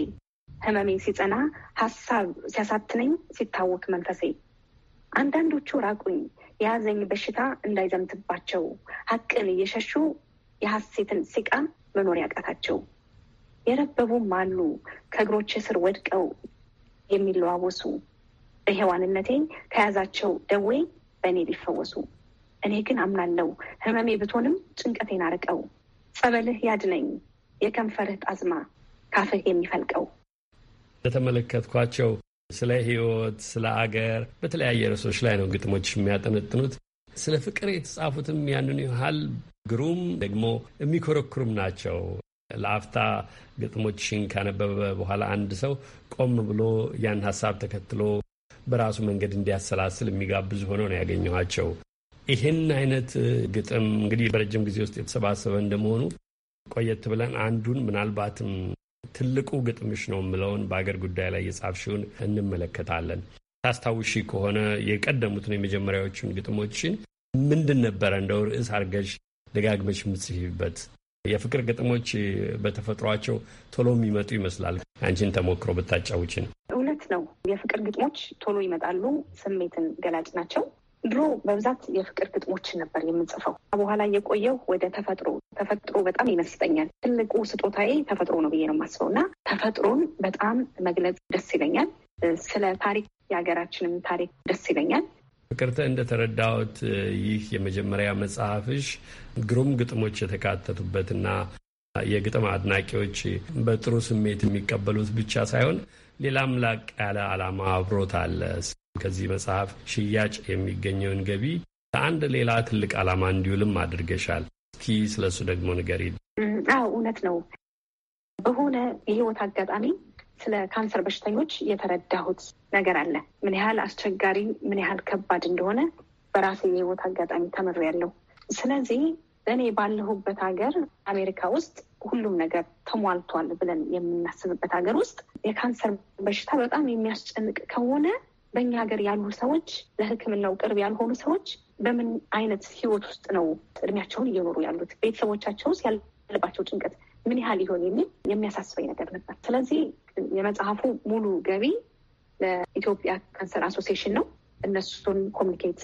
Speaker 5: ህመሜ ሲጸና ሀሳብ ሲያሳትነኝ ሲታወክ መንፈሴ አንዳንዶቹ ራቁኝ የያዘኝ በሽታ እንዳይዘምትባቸው ሀቅን እየሸሹ የሐሴትን ሲቃ መኖር ያቃታቸው የረበቡም አሉ ከእግሮች ስር ወድቀው የሚለዋወሱ በሔዋንነቴ ከያዛቸው ደዌ በእኔ ሊፈወሱ። እኔ ግን አምናለው ህመሜ ብቶንም ጭንቀቴን አርቀው ጸበልህ ያድነኝ የከንፈርህ ጣዝማ ካፍህ የሚፈልቀው
Speaker 3: ለተመለከትኳቸው ስለ ህይወት፣ ስለ አገር በተለያየ ርዕሶች ላይ ነው ግጥሞች የሚያጠነጥኑት። ስለ ፍቅር የተጻፉትም ያንኑ ያህል ግሩም ደግሞ የሚኮረኩሩም ናቸው። ለአፍታ ግጥሞችን ካነበበ በኋላ አንድ ሰው ቆም ብሎ ያን ሀሳብ ተከትሎ በራሱ መንገድ እንዲያሰላስል የሚጋብዙ ሆነው ነው ያገኘኋቸው። ይህን አይነት ግጥም እንግዲህ በረጅም ጊዜ ውስጥ የተሰባሰበ እንደመሆኑ ቆየት ብለን አንዱን ምናልባትም ትልቁ ግጥምሽ ነው የምለውን በአገር ጉዳይ ላይ የጻፍሽውን እንመለከታለን። ታስታውሺ ከሆነ የቀደሙትን የመጀመሪያዎቹን ግጥሞችን ምንድን ነበረ እንደው ርዕስ አርገሽ ደጋግመሽ የምትጽፊበት የፍቅር ግጥሞች በተፈጥሯቸው ቶሎ የሚመጡ ይመስላል። አንቺን ተሞክሮ ብታጫውችን።
Speaker 5: እውነት ነው። የፍቅር ግጥሞች ቶሎ ይመጣሉ። ስሜትን ገላጭ ናቸው። ድሮ በብዛት የፍቅር ግጥሞችን ነበር የምንጽፈው። በኋላ የቆየው ወደ ተፈጥሮ ተፈጥሮ በጣም ይመስጠኛል። ትልቁ ስጦታዬ ተፈጥሮ ነው ብዬ ነው የማስበው እና ተፈጥሮን በጣም መግለጽ ደስ ይለኛል። ስለ ታሪክ የሀገራችንም ታሪክ ደስ ይለኛል።
Speaker 3: ፍቅርተ እንደተረዳሁት ይህ የመጀመሪያ መጽሐፍሽ ግሩም ግጥሞች የተካተቱበትና የግጥም አድናቂዎች በጥሩ ስሜት የሚቀበሉት ብቻ ሳይሆን ሌላም ላቅ ያለ ዓላማ አብሮት አለ። ከዚህ መጽሐፍ ሽያጭ የሚገኘውን ገቢ ለአንድ ሌላ ትልቅ ዓላማ እንዲውልም አድርገሻል። እስኪ ስለሱ ደግሞ ንገሪ።
Speaker 5: አዎ እውነት ነው። በሆነ የህይወት አጋጣሚ ስለ ካንሰር በሽተኞች የተረዳሁት ነገር አለ። ምን ያህል አስቸጋሪ፣ ምን ያህል ከባድ እንደሆነ በራሴ የህይወት አጋጣሚ ተምሬያለሁ። ስለዚህ እኔ ባለሁበት ሀገር አሜሪካ ውስጥ ሁሉም ነገር ተሟልቷል ብለን የምናስብበት ሀገር ውስጥ የካንሰር በሽታ በጣም የሚያስጨንቅ ከሆነ በእኛ ሀገር ያሉ ሰዎች ለሕክምናው ቅርብ ያልሆኑ ሰዎች በምን አይነት ህይወት ውስጥ ነው እድሜያቸውን እየኖሩ ያሉት? ቤተሰቦቻቸው ውስጥ ያለባቸው ጭንቀት ምን ያህል ይሆን የሚል የሚያሳስበኝ ነገር ነበር። ስለዚህ የመጽሐፉ ሙሉ ገቢ ለኢትዮጵያ ካንሰር አሶሲሽን ነው። እነሱን ኮሚኒኬት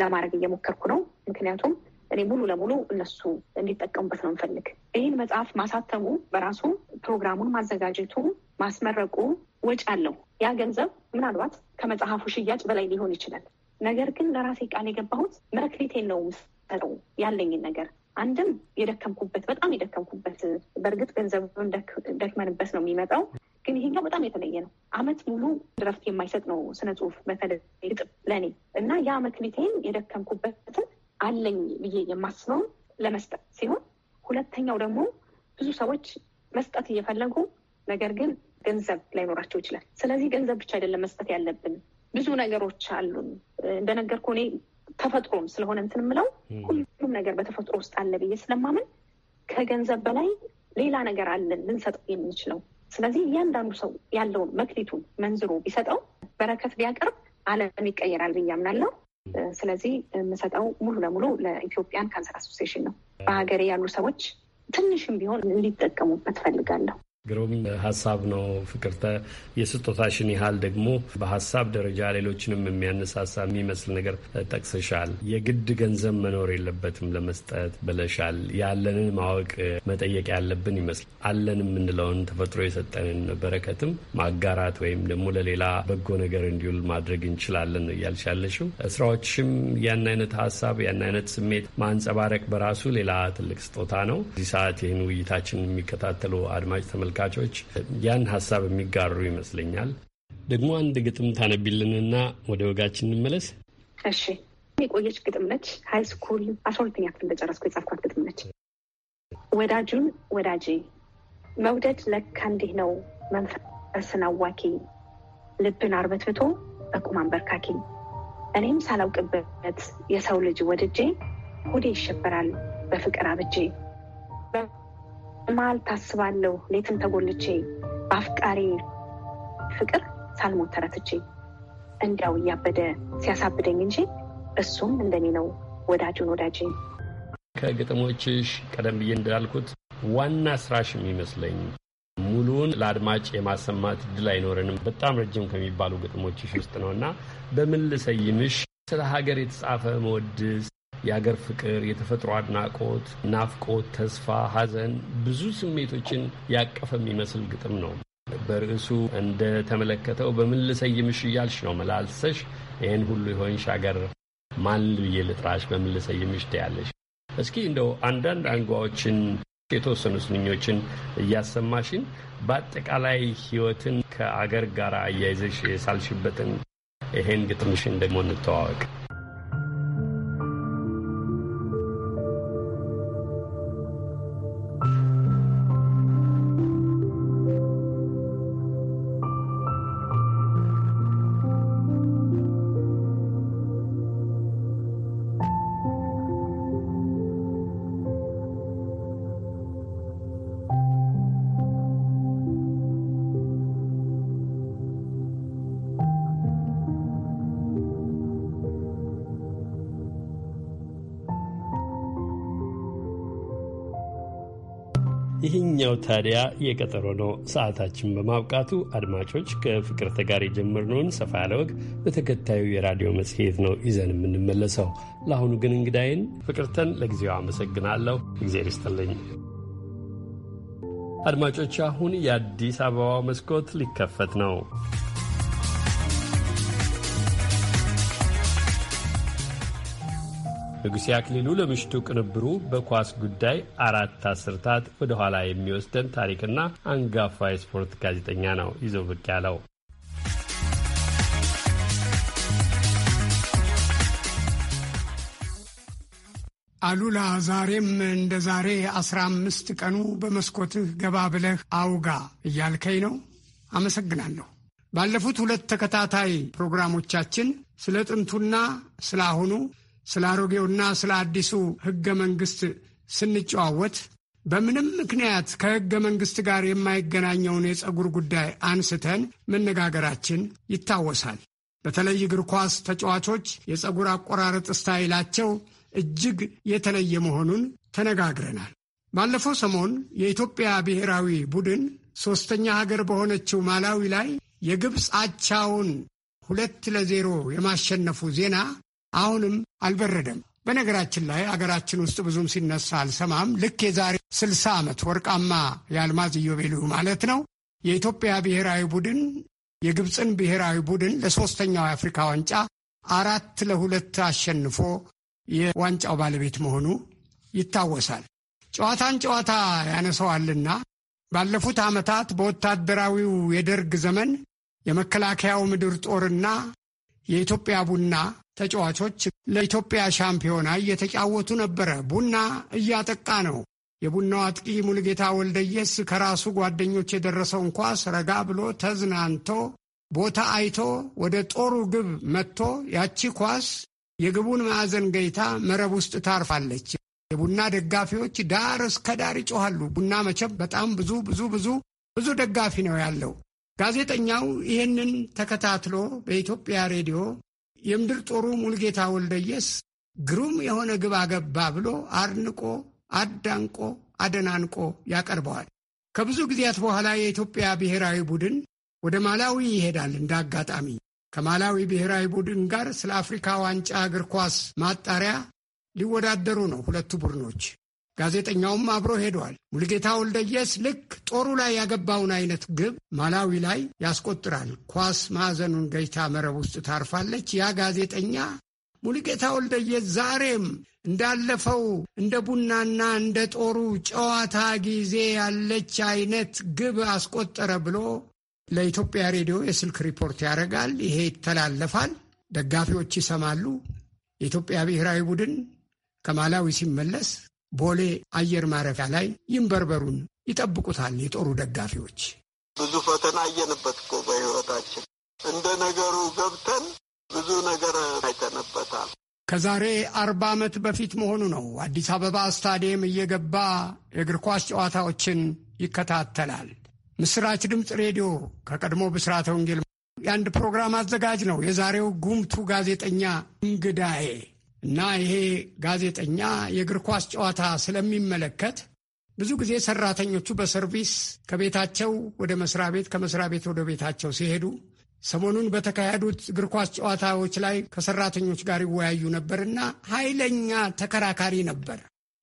Speaker 5: ለማድረግ እየሞከርኩ ነው። ምክንያቱም እኔ ሙሉ ለሙሉ እነሱ እንዲጠቀሙበት ነው እንፈልግ። ይህን መጽሐፍ ማሳተሙ በራሱ ፕሮግራሙን ማዘጋጀቱ፣ ማስመረቁ ወጪ አለው። ያ ገንዘብ ምናልባት ከመጽሐፉ ሽያጭ በላይ ሊሆን ይችላል። ነገር ግን ለራሴ ቃል የገባሁት መክሊቴን ነው የምሰጠው ያለኝን ነገር አንድም የደከምኩበት በጣም የደከምኩበት በእርግጥ ገንዘቡን ደክመንበት ነው የሚመጣው። ግን ይሄኛው በጣም የተለየ ነው። አመት ሙሉ ድረፍት የማይሰጥ ነው ስነ ጽሁፍ በተለይ ግጥም ለእኔ እና ያ መክሊቴን የደከምኩበትን አለኝ ብዬ የማስበውን ለመስጠት ሲሆን፣ ሁለተኛው ደግሞ ብዙ ሰዎች መስጠት እየፈለጉ ነገር ግን ገንዘብ ላይኖራቸው ይችላል። ስለዚህ ገንዘብ ብቻ አይደለም መስጠት ያለብን ብዙ ነገሮች አሉን። እንደነገርኩ እኔ ተፈጥሮም ስለሆነ እንትን ምለው ሁሉም ነገር በተፈጥሮ ውስጥ አለ ብዬ ስለማምን ከገንዘብ በላይ ሌላ ነገር አለን ልንሰጠው የምንችለው ስለዚህ እያንዳንዱ ሰው ያለውን መክሊቱን መንዝሮ ቢሰጠው በረከት ቢያቀርብ ዓለም ይቀየራል ብዬ አምናለሁ። ስለዚህ የምሰጠው ሙሉ ለሙሉ ለኢትዮጵያን ካንሰር አሶሴሽን ነው። በሀገሬ ያሉ ሰዎች ትንሽም ቢሆን እንዲጠቀሙበት ፈልጋለሁ።
Speaker 3: ግሩም ሀሳብ ነው ፍቅርተ። የስጦታሽን ያህል ደግሞ በሀሳብ ደረጃ ሌሎችንም የሚያነሳሳ የሚመስል ነገር ጠቅስሻል። የግድ ገንዘብ መኖር የለበትም ለመስጠት ብለሻል። ያለንን ማወቅ መጠየቅ ያለብን ይመስል አለን የምንለውን ተፈጥሮ የሰጠንን በረከትም ማጋራት ወይም ደግሞ ለሌላ በጎ ነገር እንዲውል ማድረግ እንችላለን ነው እያልሻለሽው። ስራዎችም ያን አይነት ሀሳብ ያን አይነት ስሜት ማንጸባረቅ በራሱ ሌላ ትልቅ ስጦታ ነው። እዚህ ሰዓት ይህን ውይይታችን የሚከታተሉ አድማጭ ተመልካ ተመልካቾች ያን ሀሳብ የሚጋሩ ይመስለኛል። ደግሞ አንድ ግጥም ታነቢልንና ወደ ወጋችን እንመለስ።
Speaker 5: እሺ፣ የቆየች ግጥም ነች። ሀይ ስኩል አስራ ሁለተኛ ክፍል እንደጨረስኩ የጻፍኳት ግጥም ነች። ወዳጁን ወዳጄ መውደድ ለካ እንዲህ ነው መንፈስን አዋኪ ልብን አርበትብቶ በቁም አንበርካኪ እኔም ሳላውቅበት የሰው ልጅ ወድጄ ሆዴ ይሸበራል በፍቅር አብጄ መሀል ታስባለሁ ሌትን ተጎልቼ በአፍቃሪ ፍቅር ሳልሞት ተረትቼ እንዲያው እያበደ ሲያሳብደኝ እንጂ እሱም እንደኔ ነው ወዳጁን ወዳጅ
Speaker 3: ከግጥሞችሽ ቀደም ብዬ እንዳልኩት ዋና ስራሽ የሚመስለኝ ሙሉውን ለአድማጭ የማሰማት እድል አይኖረንም። በጣም ረጅም ከሚባሉ ግጥሞችሽ ውስጥ ነው እና በምን ልሰይምሽ? ስለ ሀገር የተጻፈ መወድስ፣ የአገር ፍቅር፣ የተፈጥሮ አድናቆት፣ ናፍቆት፣ ተስፋ፣ ሐዘን ብዙ ስሜቶችን ያቀፈ የሚመስል ግጥም ነው። በርዕሱ እንደ ተመለከተው በምን ልሰይምሽ እያልሽ ነው መላልሰሽ ይህን ሁሉ የሆንሽ አገር ማን ብዬ ልጥራሽ በምን ልሰይምሽ ትያለሽ። እስኪ እንደው አንዳንድ አንጓዎችን የተወሰኑ ስንኞችን እያሰማሽን በአጠቃላይ ህይወትን ከአገር ጋር አያይዘሽ የሳልሽበትን ይሄን ግጥምሽን ደግሞ እንተዋወቅ። ይህኛው ታዲያ የቀጠሮ ነው። ሰዓታችን በማብቃቱ አድማጮች፣ ከፍቅርተ ጋር የጀመርነውን ሰፋ ያለ ወግ በተከታዩ የራዲዮ መጽሔት ነው ይዘን የምንመለሰው። ለአሁኑ ግን እንግዳይን ፍቅርተን ለጊዜው አመሰግናለሁ። እግዜር ይስጥልኝ። አድማጮች፣ አሁን የአዲስ አበባው መስኮት ሊከፈት ነው። ንጉሴ አክሊሉ ለምሽቱ ቅንብሩ በኳስ ጉዳይ አራት አስርታት ወደ ኋላ የሚወስደን ታሪክና አንጋፋ የስፖርት ጋዜጠኛ ነው ይዞ ብቅ ያለው።
Speaker 8: አሉላ ዛሬም እንደ ዛሬ አስራ አምስት ቀኑ በመስኮትህ ገባ ብለህ አውጋ እያልከኝ ነው። አመሰግናለሁ። ባለፉት ሁለት ተከታታይ ፕሮግራሞቻችን ስለ ጥንቱና ስለ አሁኑ ስለ አሮጌውና ስለ አዲሱ ሕገ መንግሥት ስንጨዋወት በምንም ምክንያት ከሕገ መንግሥት ጋር የማይገናኘውን የጸጉር ጉዳይ አንስተን መነጋገራችን ይታወሳል። በተለይ እግር ኳስ ተጫዋቾች የጸጉር አቆራረጥ ስታይላቸው እጅግ የተለየ መሆኑን ተነጋግረናል። ባለፈው ሰሞን የኢትዮጵያ ብሔራዊ ቡድን ሦስተኛ ሀገር በሆነችው ማላዊ ላይ የግብፅ አቻውን ሁለት ለዜሮ የማሸነፉ ዜና አሁንም አልበረደም። በነገራችን ላይ አገራችን ውስጥ ብዙም ሲነሳ አልሰማም። ልክ የዛሬ ስልሳ ዓመት ወርቃማ የአልማዝ ኢዮቤልዩ ማለት ነው የኢትዮጵያ ብሔራዊ ቡድን የግብፅን ብሔራዊ ቡድን ለሶስተኛው የአፍሪካ ዋንጫ አራት ለሁለት አሸንፎ የዋንጫው ባለቤት መሆኑ ይታወሳል። ጨዋታን ጨዋታ ያነሰዋልና ባለፉት ዓመታት በወታደራዊው የደርግ ዘመን የመከላከያው ምድር ጦርና የኢትዮጵያ ቡና ተጫዋቾች ለኢትዮጵያ ሻምፒዮና እየተጫወቱ ነበረ። ቡና እያጠቃ ነው። የቡናው አጥቂ ሙልጌታ ወልደየስ ከራሱ ጓደኞች የደረሰውን ኳስ ረጋ ብሎ ተዝናንቶ ቦታ አይቶ ወደ ጦሩ ግብ መጥቶ ያቺ ኳስ የግቡን ማዕዘን ገይታ መረብ ውስጥ ታርፋለች። የቡና ደጋፊዎች ዳር እስከ ዳር ይጮኋሉ። ቡና መቼም በጣም ብዙ ብዙ ብዙ ብዙ ደጋፊ ነው ያለው። ጋዜጠኛው ይህንን ተከታትሎ በኢትዮጵያ ሬዲዮ የምድር ጦሩ ሙልጌታ ወልደየስ ግሩም የሆነ ግብ አገባ ብሎ አድንቆ አዳንቆ አደናንቆ ያቀርበዋል። ከብዙ ጊዜያት በኋላ የኢትዮጵያ ብሔራዊ ቡድን ወደ ማላዊ ይሄዳል። እንደ አጋጣሚ ከማላዊ ብሔራዊ ቡድን ጋር ስለ አፍሪካ ዋንጫ እግር ኳስ ማጣሪያ ሊወዳደሩ ነው ሁለቱ ቡድኖች። ጋዜጠኛውም አብሮ ሄደዋል። ሙልጌታ ወልደየስ ልክ ጦሩ ላይ ያገባውን አይነት ግብ ማላዊ ላይ ያስቆጥራል። ኳስ ማዕዘኑን ገጭታ መረብ ውስጥ ታርፋለች። ያ ጋዜጠኛ ሙልጌታ ወልደየስ ዛሬም እንዳለፈው እንደ ቡናና እንደ ጦሩ ጨዋታ ጊዜ ያለች አይነት ግብ አስቆጠረ ብሎ ለኢትዮጵያ ሬዲዮ የስልክ ሪፖርት ያደርጋል። ይሄ ይተላለፋል። ደጋፊዎች ይሰማሉ። የኢትዮጵያ ብሔራዊ ቡድን ከማላዊ ሲመለስ ቦሌ አየር ማረፊያ ላይ ይንበርበሩን ይጠብቁታል የጦሩ ደጋፊዎች።
Speaker 9: ብዙ ፈተና አየንበት እኮ በሕይወታችን እንደ ነገሩ ገብተን ብዙ ነገር አይተንበታል።
Speaker 8: ከዛሬ አርባ ዓመት በፊት መሆኑ ነው። አዲስ አበባ ስታዲየም እየገባ የእግር ኳስ ጨዋታዎችን ይከታተላል። ምስራች ድምፅ ሬዲዮ ከቀድሞ ብስራተ ወንጌል የአንድ ፕሮግራም አዘጋጅ ነው። የዛሬው ጉምቱ ጋዜጠኛ እንግዳዬ እና ይሄ ጋዜጠኛ የእግር ኳስ ጨዋታ ስለሚመለከት ብዙ ጊዜ ሰራተኞቹ በሰርቪስ ከቤታቸው ወደ መስሪያ ቤት ከመስሪያ ቤት ወደ ቤታቸው ሲሄዱ ሰሞኑን በተካሄዱት እግር ኳስ ጨዋታዎች ላይ ከሰራተኞች ጋር ይወያዩ ነበር እና ኃይለኛ ተከራካሪ ነበር።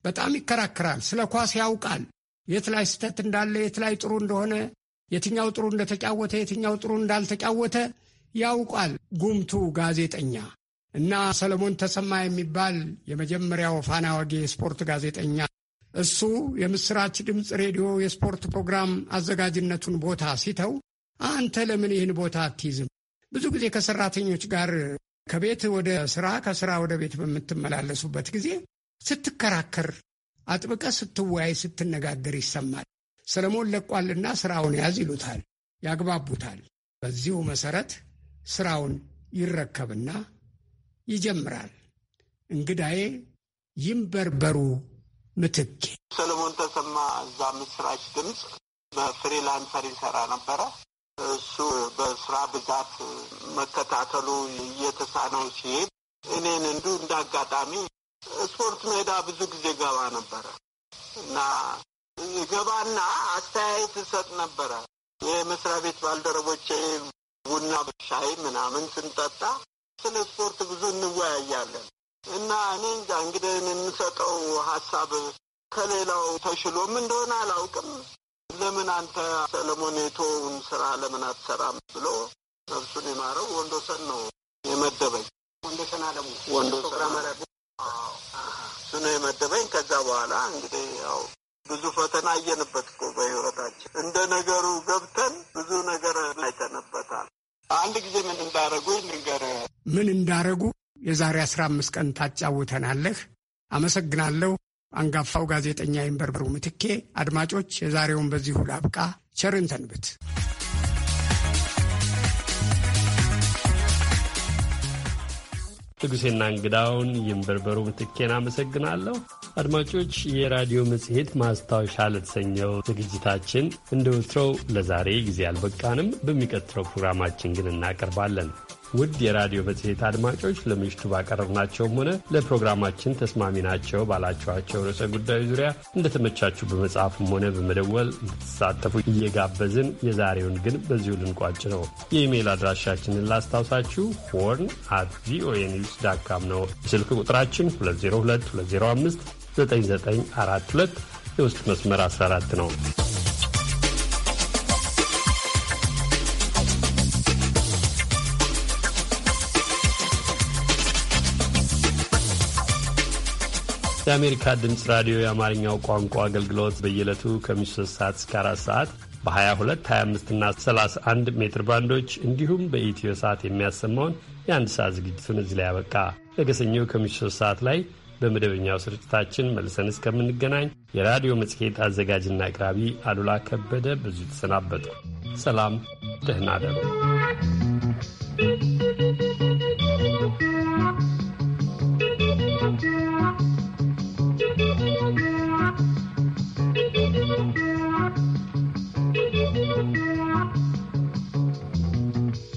Speaker 8: በጣም ይከራከራል። ስለ ኳስ ያውቃል። የት ላይ ስህተት እንዳለ፣ የት ላይ ጥሩ እንደሆነ፣ የትኛው ጥሩ እንደተጫወተ፣ የትኛው ጥሩ እንዳልተጫወተ ያውቃል ጉምቱ ጋዜጠኛ። እና ሰለሞን ተሰማ የሚባል የመጀመሪያው ፋና ወጊ የስፖርት ጋዜጠኛ እሱ የምስራች ድምፅ ሬዲዮ የስፖርት ፕሮግራም አዘጋጅነቱን ቦታ ሲተው አንተ ለምን ይህን ቦታ አትይዝም? ብዙ ጊዜ ከሰራተኞች ጋር ከቤት ወደ ስራ፣ ከስራ ወደ ቤት በምትመላለሱበት ጊዜ ስትከራከር፣ አጥብቀ ስትወያይ፣ ስትነጋገር ይሰማል። ሰለሞን ለቋልና ስራውን ያዝ ይሉታል፣ ያግባቡታል። በዚሁ መሰረት ስራውን ይረከብና ይጀምራል። እንግዳዬ ይምበርበሩ ምትኬ
Speaker 9: ሰለሞን ተሰማ እዛ ምስራች ድምፅ በፍሪላንሰር ይሰራ ነበረ። እሱ በስራ ብዛት መከታተሉ እየተሳነው ሲሄድ እኔን እንዱ እንደ አጋጣሚ ስፖርት ሜዳ ብዙ ጊዜ ገባ ነበረ እና ገባና አስተያየት እሰጥ ነበረ የመስሪያ ቤት ባልደረቦቼ ቡና ሻይ ምናምን ስንጠጣ ስለ ስፖርት ብዙ እንወያያለን እና እኔ እንጃ እንግዲህ የምሰጠው ሀሳብ ከሌላው ተሽሎም እንደሆነ አላውቅም። ለምን አንተ ሰለሞን የቶውን ስራ ለምን አትሰራም ብሎ ነፍሱን የማረው ወንዶሰን ነው የመደበኝ። ወንዶሰን አለሙ ወንዶሰን እሱ የመደበኝ። ከዛ በኋላ እንግዲህ ያው ብዙ ፈተና አየንበት እኮ በህይወታችን እንደ ነገሩ ገብተን ብዙ ነገር አይተንበታል። አንድ ጊዜ ምን እንዳደረጉኝ ንገር
Speaker 8: ምን እንዳረጉ የዛሬ 15 ቀን ታጫውተናለህ። አመሰግናለሁ። አንጋፋው ጋዜጠኛ ይንበርበሩ ምትኬ። አድማጮች፣ የዛሬውን በዚሁ ላብቃ። ቸርን ሰንብት።
Speaker 3: ንጉሴና እንግዳውን ይንበርበሩ ምትኬን አመሰግናለሁ። አድማጮች፣ የራዲዮ መጽሔት ማስታወሻ ለተሰኘው ዝግጅታችን እንደ ወትሮው ለዛሬ ጊዜ አልበቃንም። በሚቀጥለው ፕሮግራማችን ግን እናቀርባለን። ውድ የራዲዮ መጽሔት አድማጮች ለምሽቱ ባቀረብናቸውም ሆነ ለፕሮግራማችን ተስማሚ ናቸው ባላችኋቸው ርዕሰ ጉዳዮች ዙሪያ እንደተመቻችሁ በመጽሐፍም ሆነ በመደወል እንድትሳተፉ እየጋበዝን የዛሬውን ግን በዚሁ ልንቋጭ ነው። የኢሜይል አድራሻችንን ላስታውሳችሁ፣ ሆርን አት ቪኦኤ ኒውስ ዳት ካም ነው። የስልክ ቁጥራችን 202205 9942 የውስጥ መስመር 14 ነው። የአሜሪካ ድምፅ ራዲዮ የአማርኛው ቋንቋ አገልግሎት በየዕለቱ ከምሽቱ 3 ሰዓት እስከ 4 ሰዓት በ22፣ 25 እና 31 ሜትር ባንዶች እንዲሁም በኢትዮ ሰዓት የሚያሰማውን የአንድ ሰዓት ዝግጅቱን እዚህ ላይ ያበቃ። ነገ ሰኞ ከምሽቱ 3 ሰዓት ላይ በመደበኛው ስርጭታችን መልሰን እስከምንገናኝ የራዲዮ መጽሔት አዘጋጅና አቅራቢ አሉላ ከበደ ብዙ ተሰናበጡ። ሰላም፣ ደህና እደሩ።